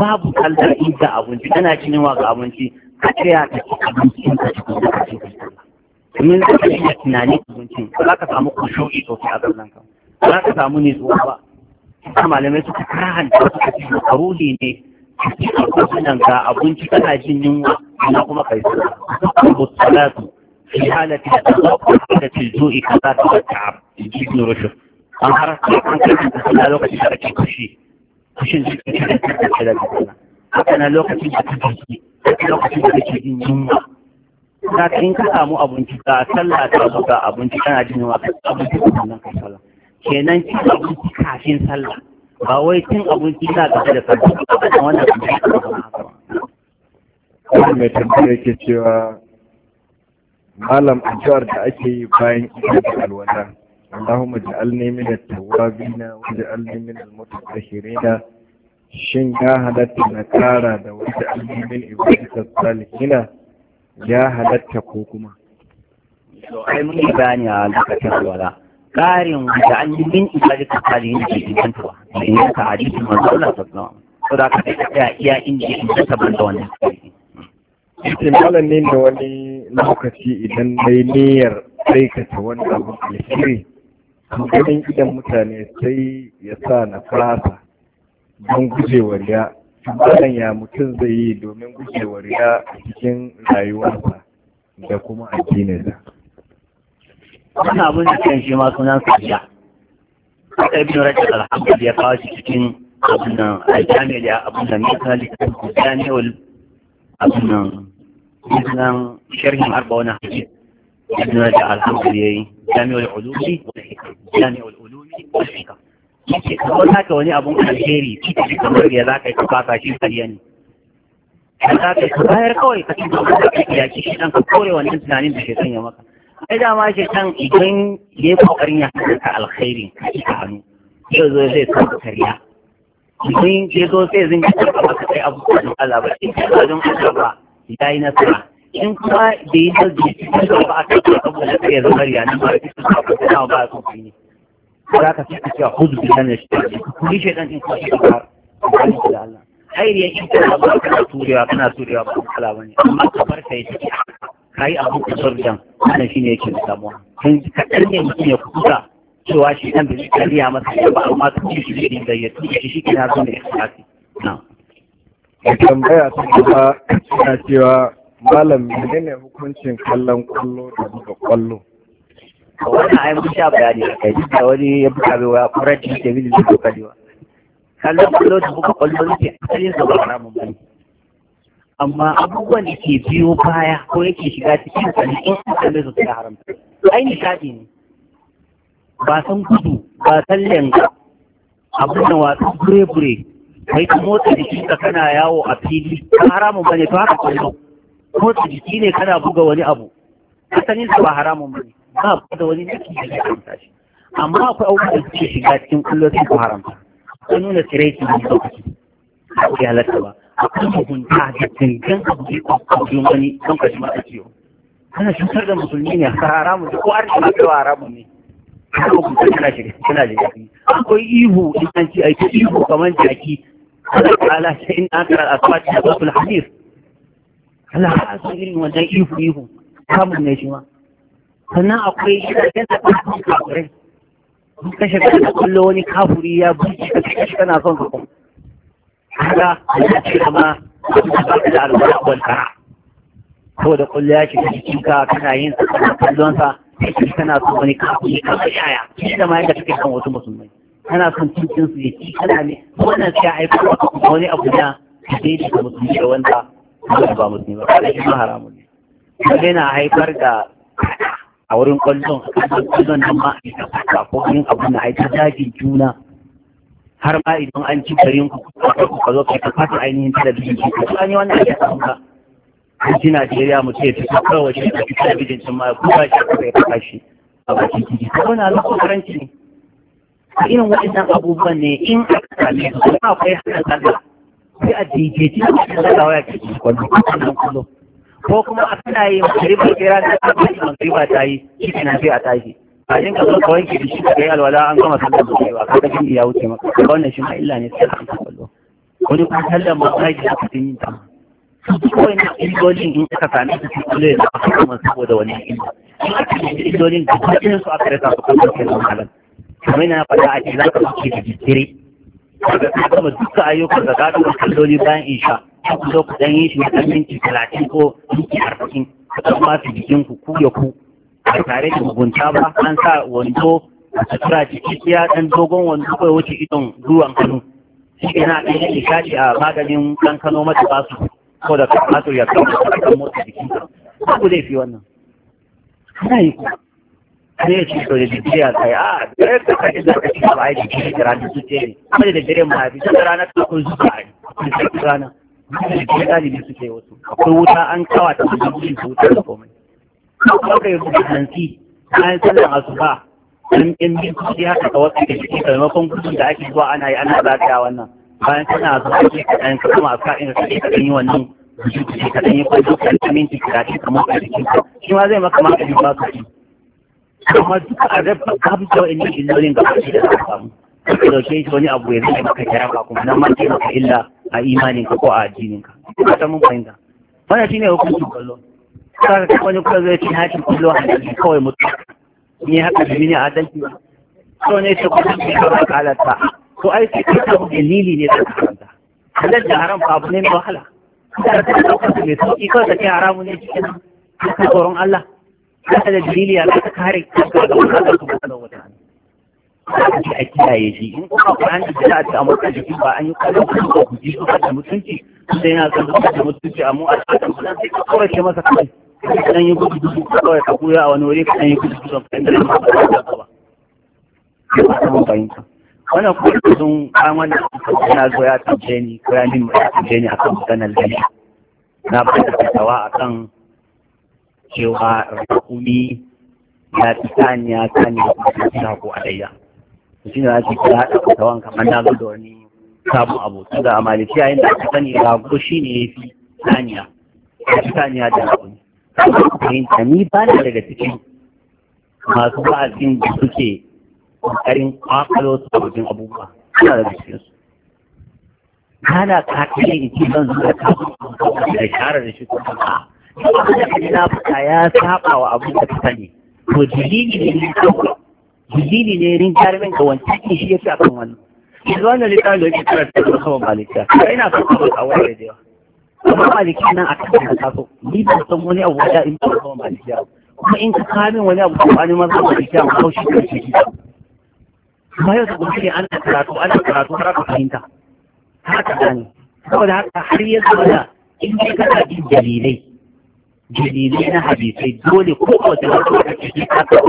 babu sallah inda abinci kana jin yunwa ga abinci ka tsaya ka ci abincin ka cikin lokaci ka domin za ka iya tunani abincin ba za ka samu kushoyi sosai a gaban ka za ka samu nutsuwa ba ta malamai suka karanta suka ce makaruni ne a cikin kwasunan ka abinci kana jin yunwa ana kuma kai su salatu في حالة حالة الجوء كذلك والتعب ابن رشد أنهرت أن كانت تسلى لغة شركة ta كشي كشي كشي كشي haka na lokacin da kake ji haka lokacin da kake jin yunwa na in ka samu abinci ka sallah ta zo ka abinci kana jin yunwa abinci ka nan ka sallah kenan cin abinci kafin sallah ba wai cin abinci na gaba da sallah ba wannan da ka zama haka ba mai tambaya yake cewa malam addu'ar da ake yi bayan ita da alwala Allahumma ja'alni min at-tawwabin waj'alni min al-mutatahhirin shin ya halatta na kara da wata alhimin ibadatar salihina ya halatta ko kuma ai mun yi bayani a lokacin alwala karin wata alhimin ibadatar salihina ke ingantuwa da ka hadisin manzo Allah sallallahu alaihi da ka tsaya iya inda inganta ban da wannan istimalan ne da wani lokaci idan mai niyyar aikata wani abu shiri kamar idan mutane sai ya sa na fasa don gujewa riya wannan ya mutum zai yi domin gujewa riya a cikin rayuwarsa da kuma addininsa wannan abin da kan shi ma sunan sariya ibn rajab alhamdulillah ya kawo shi cikin abin nan aljami da abin nan misali kudani wal abin nan nan sharhin harba wani hadis ibn rajab alhamdulillah jami'ul ulumi wal hikam jami'ul ulumi wal hikam yake kamar haka wani abun alheri kike kamar ya za ka yi kasa shi kariya ne da za ka ka bayar kawai ka cikin abin da kake yaki shi ka kore wannan tunanin da ke sanya maka ai dama shi kan idan ya yi kokarin ya ka alheri ka ka hannu yau zo zai san kariya idan ya zo sai zin ka karɓa maka kai abubuwan da Allah ba shi ka don Allah ba ya yi nasara in kuma da yi da ba a kai abubuwan da ya zama riya nan ba a ba a ba a za ka sai ka ce hudu bi dan shi kuma shi dan in ka shi ka da Allah airiyan in ka ba kana turewa kana turewa ba kala bane amma ka bar sai ta kai abu ka sorjan wannan shine yake da damuwa kun ka ne mutum ya kuka cewa shi dan bai kariya masa ya ba amma ta ci shi din da ya tuke shi kina zo ne kafi na tambaya ta kuma cewa malam menene hukuncin kallon kwallo da buga kwallo wannan ai mun sha bayani a kai da wani ya buka bai wa kurar da ke bin da doka ne wa kallon kwallo da muka kwallo ne asalin sa ba haramun bane amma abubuwan da ke biyo baya ko yake shiga cikin sani in an kalle su suka haramta ai nishadi ne ba san gudu ba san lenga abin da wasan bure-bure kai ka motsa jiki ka kana yawo a fili Ka haramun bane to haka kwallo motsa jiki ne kana buga wani abu asalin sa ba haramun bane ba ku da wani yaki da haramta shi amma akwai abubuwan da suke shiga cikin kullum sun ku haramta ko nuna tsiraiti ne lokaci a Ya halatta ba akwai mugunta da dangan abu ne ko kawai wani don ka ji ciwo ana cutar da musulmi ne haramun ko arziki ma kawai haramun ne har mugunta tana shiga tana shiga akwai ihu in an ci aiki ihu kamar jaki Allah ta'ala sai in an kara aswati da zafin hadis Allah ya san irin wannan ihu ihu kamun ne shi ma sannan akwai gidajen da ba su kafurai duk kashe ka kullo wani kafuri ya buci ka kashe kana son ka kuma haka ya ce kama ba da alwala kwanta ko da kullo ya shiga jikinka kana yin sa kana kallon sa kai kana son wani kafuri ka yaya shi da ma yadda kake kan wasu musulmai kana son cikin su ya ci kana ne wannan sai aika wani abu na daidai da musulmi da wanda ba musulmi ba kana shi ma haramun ne kaga yana haifar da a wurin kwallon kwallon kwallon nan ma a yi ta ko yin abu na aita dajin juna har ma idan an ci garin ku ku ka zo ka fata ainihin talabijin ki ko an yi wannan ake samuka an ci Najeriya mu ce ta kawai shi a talabijin sun ma ku ba shi ka ya shi. a bakin kiji ko na ko karanci ne a irin waɗannan abubuwan ne in aka same su kuma akwai hakan sallah sai a dijeti a cikin sallah waya ke kwallo kwallo ko kuma a kana yi magariba kira da ta aka yi magariba ta yi shi na sai a tashi a jin ka zo ka wanke da shi kai alwala an kama sallar da kai ba ka kashin ya wuce maka ka wannan shi ma illa ne sai an kallo wani kuma sallar ma ta yi aka tun yi ta kawai na illolin in aka sami su su kulle da aka kuma saboda wani illa in aka yi illolin da kuma su aka rasa su kuma sai zama halal kamar yana faɗa a ce za ka wuce da jikire ka gama duka ayyukan da ka ɗaukar kalloli bayan insha za ku zo ku dan yi shi na ɗan minti talatin ko minti arba'in ku ɗan ba su jikin ku ku ya ku ba tare da mugunta ba an sa wando a sutura ya ɗan dogon wando kai wuce idon ruwan hannu shi ke na ɗan yi a maganin kankano mata ba su ko da kamata ya kama a kan motsa jikin ka ku zai fi wannan ana yi ku ne ya ce to da jiki ya kai a dare ka kai da ka ci ba a yi jiki da rana su ce ne kuma da dare ma ya fi da rana ta kun zuba a yi rana kuma ɗalibi suke wasu akwai wuta an kawa ta wajen gudun ta wuta da komai kuma kai rubuta hansi bayan sallar asuba an kin bin kuɗi haka ka wasu da jiki maimakon gudun da ake zuwa ana yi ana zagaya wannan bayan sallar asuba ke kaɗan ka kama asuba in ka kaɗan yi wannan gudu ka kaɗan yi kwanci ka ɗan minti talatin ka motsa jikin ka shi ma zai maka magani ba ka ci amma duka a rabba ka fi cewa inda illolin ga kuɗi da za ka samu ka ɗauke shi wani abu ya zai maka jaraba kuma nan ma ke maka illa a imaninka ko a addininka ka ta mun fahimta wannan shine hukuncin kallo kaga ka wani kuma zai ci hakin kallo a hankali kawai mutu ni haka da ne adalci ba So ne ta kuma ne ka ba halatta to ai sai ka ta lili ne da kanta halal da haram ba abu ne mai wahala ka ta ta kuma ne sauki kawai ta ce haramu ne cikin ka tsoron Allah ka da dalili ya ka kare ka da wata wata aka a kiyaye shi in kuma ku an da a ce a jikin ba an yi kallon kuma ba ku ji kuma da mutunci sai na kan zuwa da mutunci amma a tsakan kuma sai ka ke masa kai kan yi gudu gudu kawai ka koya a wani wuri kan yi gudu gudu kan da ba ka ba wannan kuma sun an wannan na zo ya tambaye ni ko ya nima ya tambaye ni akan maganar gani na ba da fitawa akan cewa rakumi ya fi ta saniya kuma ta ko alayya shi ne ake kira haɗa fatawan kamar na zo da wani sabon abu tun da a malikiya yadda aka sani rago shi ne ya fi saniya ya fi saniya da rago ne kuma fahimta ni ba na daga cikin masu ba'azin da suke ƙoƙarin ƙwaƙalo sababbin abubuwa suna daga cikin su hana kakiri in ci zan zuwa kafin da shara da shi kuma ba abin da na fita ya saba wa abin da ta sani to dalili ne ne kawai jidini ne rin jarumin ga wancan kin shi yake akan wannan yanzu wannan littafin da yake karanta da kawo malika ina so ka a wani da yawa Kuma maliki nan a kan ka kaso. ni ba san wani abu da in ka kawo malika kuma in ka kawo min wani abu ko wani mazan malika ko kaushi ka ciki kuma yau da shi ne ana karatu ana karatu har ka fahimta haka gani saboda haka har yanzu da in ka kana jin dalilai dalilai na hadisai dole ko wace wata wata ciki ka kawo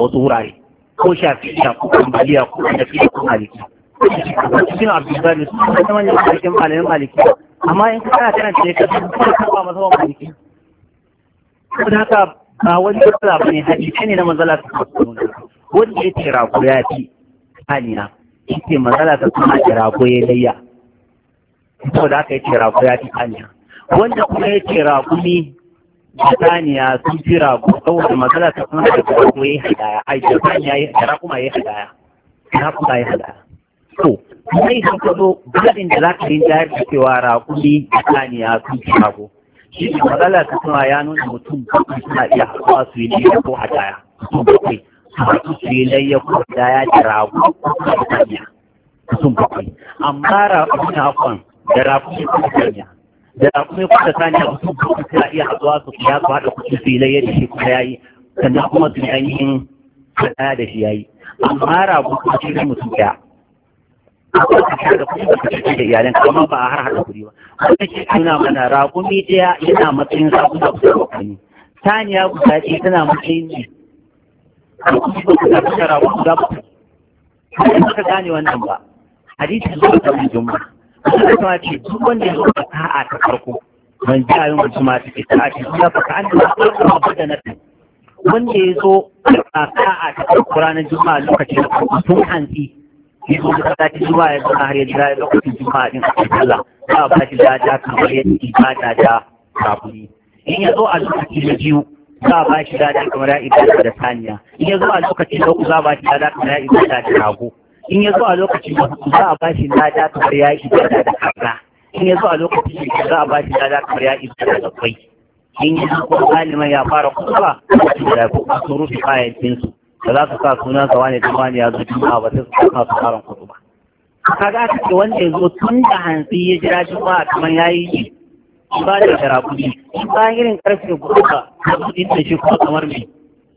wasu wurare ko shafi shafiya ko kambaliya ko annabiya ko maliki cikin abdulbari su ne wani malikin malamin maliki amma in ka kana karanta ne ka san ko ka ba masa maliki ko da haka ba wani matsala bane hadisi ne na manzala ta kuma wanda ya ce rago ya fi halina shi ce manzala ta kuma ce rago ya layya ko da yi ya ce rago ya fi halina wanda kuma ya ce rago ne da saniya sun fi rago saboda magana ta kuma da rago ya yi hadaya ai da saniya ya da raƙuma ya yi hadaya raƙuma ya hadaya to sai sun ka zo da za ka yi jayar da cewa raƙumi da saniya sun fi rago shi ne magana ta kuma ya nuna mutum bakwai suna iya haɗuwa su yi layya ko hadaya mutum bakwai su su yi layya ko hadaya da rago ko da saniya mutum bakwai amma raƙumi akwai da raƙumi ko da da kuma kwata sani a wasu kuma suna iya haɗuwa su ya su haɗa kuɗi su yi layya da shi kuma yayi sannan kuma su yi ainihin kaɗa da shi yayi amma rabu kuma shi ne mutum ɗaya akwai ka da kuma da ka ciki da iyalan amma ba a har haɗa kuɗi ba wanda ke tuna mana raƙumi ɗaya yana matsayin sabon da kusa da kuɗi saniya guda ce tana matsayin ne raƙumi ba ku zaɓi da raƙumi guda ba ku ka gane wannan ba hadisi zuwa ta mai juma'a kuma ce duk wanda ya zuwa ta'a ta farko ban ji ayin wasu masu ke ta'a ce suna faka an da farko abu da na wanda ya zo a ta'a ta farko ranar juma'a lokacin da farko tun ya zo da ta ci juma'a ya zama har ya jira lokacin juma'a din a cikin Allah za a ba shi dada kamar yadda ibada da kafuri in ya zo a lokaci na biyu za a ba shi ta kamar ya ibada da saniya in ya zo a lokacin na uku za a ba shi dada kamar ya ibada da rago in ya zo a lokacin wasu za a bashi lada kamar ya ibada da kaza in ya zo a lokacin shi za a bashi lada kamar ya ibada da kwai in ya zo ko aliman ya fara kusa da kuma sun rufe kayayyakin Ba za su sa sunan sa wani kuma ya zo juma'a ba sai su sa su fara kudu ba kaga ka ce wanda ya zo tun da hantsi ya jira juma'a kamar ya yi ne ba da jara kuɗi bayan irin karfe goma da kuɗin da shi kuma kamar mai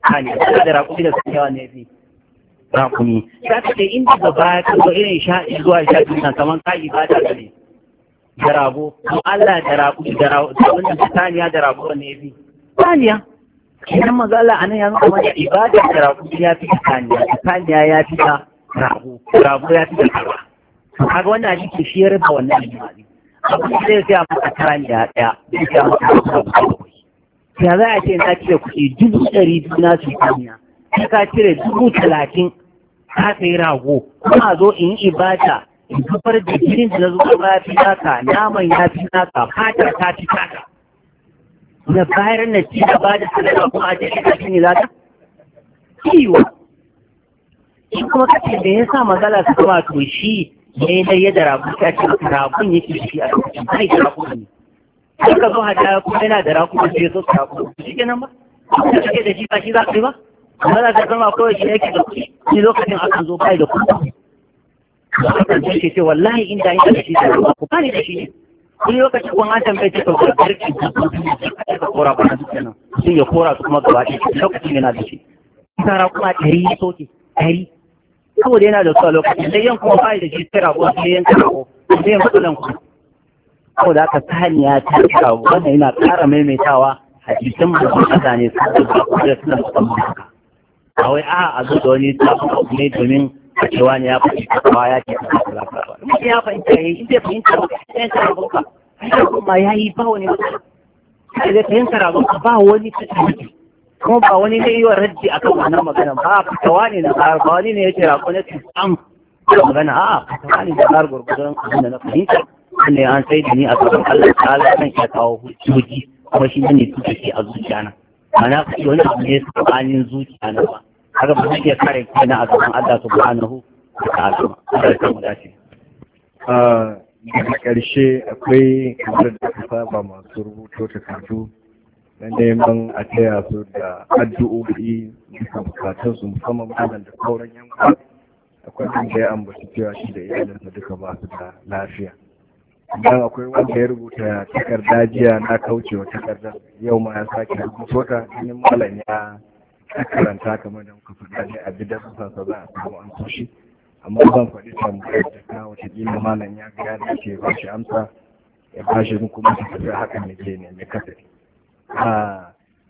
hanyar da rakumi da sun yawa ne fi rakumi za ka inda da baya ka zo irin sha zuwa sha biyu na kamar ka ibada ka ne da rago to Allah da rago da rago da wani saniya da rago ne bi saniya kenan maza Allah anan ya nuna mana ibada da rago ya fi saniya saniya ya fi ta rago rago ya fi ta kaza kaga wannan ke shi ya rubuta wannan hadisi abu zai ya maka saniya daya zai ga maka ya za a ce na ce kuɗi dubu ɗari biyu na su saniya sai ka cire dubu talatin ta sai rago kuma zo in yi ibada in kafar da jirin da na zo ba fi naka naman ya fi naka fatar ta fi taka na bayar na ci da ba da sadaka kuma a cikin kashin ne zaka kiwa shi kuma kace da ya sa magana su kuma to shi ne na yadda rago ta ce rabun yake shi a cikin kai da rabu ne sai ka zo hada kuma yana da rabu da sai so rabu shi kenan ba ka ce da shi ba shi za ka yi ba amma za ka zama kawai shi yake da kuɗi ni lokacin akan zo bai da kuɗi da akan zo shi ce wallahi inda yana da shi da ruwa ku bani da shi ne wani lokacin kun an tambaye ta kawai karfi da kuɗi kora ba su kenan sun ya kora su kuma gaba ɗaya lokacin yana da shi tara kuma ɗari ya soke ɗari saboda yana da su lokacin sai yan kuma bai da shi sai rago sai yan rago sai yan matsalan ku saboda haka saniya ta rago wannan yana ƙara maimaitawa hadisin mu da mutane su da ba ku da suna da haka kawai a a zo da wani ne domin a cewa ne ya faɗi kasawa ya ce kasawa kaza kaza mutum ya fahimta ya yi in zai fahimta ba ya yi karabon kuma ya yi ba wani mutum haka zai fahimta rabon ba wani kasance kuma ba wani ne yi wa raddi kan wannan magana ba a fita ne na ba wani ne ya ce rako na tusan da magana a'a fita ne da har gurgurun abin da na fahimta wanda ya an sai da ni a gaban Allah ta'ala kan ya kawo hujjoji kuma shi ne tuke a zuciya na ma'ana wani abu ne tsakanin zuciya na ba haka ba zai iya kare kaina a gaban Allah subhanahu wa ta'ala Allah ya mu dace a ƙarshe akwai kamar da ta saba masu rubuto takardu na neman a taya su da addu'o'i bisa bukatun su musamman malam da sauran yankuwa akwai wanda ya ambaci cewa shi da iyalinsa duka ba su da lafiya dan akwai wanda ya rubuta takardar jiya na kaucewa takardar yau ma ya sake rubuta ta ganin malam ya a karanta kamar da muka faɗa ne a bidan sassa za a samu an kushe amma zan faɗi mutum da ta wata kila malam ya ga da ke ba shi amsa ya ba shi kuma ta tafi hakan ne ke ne mai kasari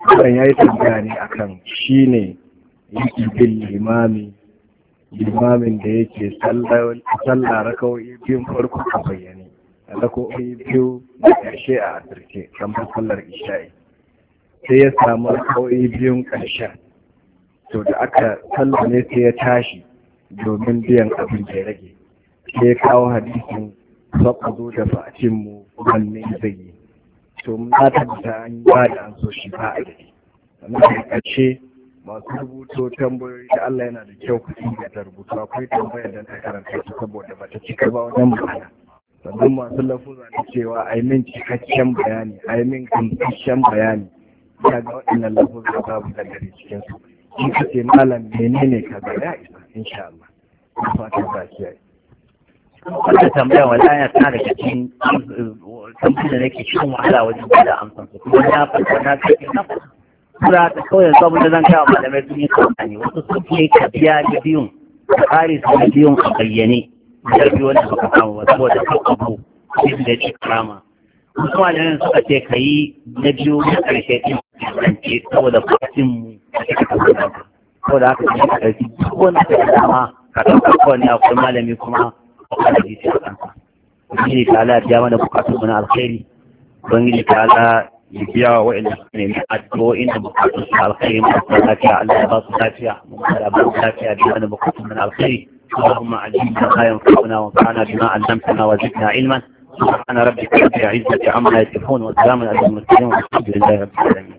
wannan ya yi tambaya ne akan shi ne yake bin limami limamin da yake sallah rakawai biyun farko a bayyane rakawai biyu na ƙarshe a asirce kamar sallar isha'i sai ya samu rakawai biyun ƙarshen to da aka sallame sai ya tashi domin biyan abin da ya rage sai kawo hadisin saka zo da facin mu wannan zai to na tabbata an ba da an so shi ba a gari sannan da ƙarshe masu rubuto tambayoyi da Allah yana da kyau ku inda ta rubutu akwai tambayar da ta karanta su saboda ba ta cika ba wannan ma'ana sannan masu lafuza na cewa ai min cikakken bayani ai min gamsasshen bayani ya ga waɗannan lafuza babu da cikinsu. cikin in ka ce malam menene ka ga ya isa insha Allah na fata ba kiyaye wannan tambaya wala ya ta da cikin tambayar da nake cikin wahala wajen bada amsa su kuma na farko na kai na kura ta kawai yanzu abin da zan kawo malamai sun yi kamfani wasu sun fiye biya da biyun ka kare su da biyun a bayyane da biyu wanda suka kama ba saboda kan abu da ya ci karama wasu malamai suka ce ka yi na biyu na karshe din kasance saboda kwacin mu a cikin kasance ko da haka ne ka ɗauki duk wani da dama ka ɗauka kowane akwai malami kuma a kwanan jisi a kanka ubangiji ta ala biya mana bukatun mu na alkhairi ubangiji ta ala ya biya wa wa'in ne mai addu'o'in da bukatun su alkhairi mu da lafiya Allah ya ba su lafiya mu da ba su lafiya biya mana bukatun mu na alkhairi اللهم علمنا ما ينفعنا وانفعنا بما علمتنا وزدنا علما سبحان ربك رب العزة عما يصفون وسلام على المرسلين والحمد لله رب العالمين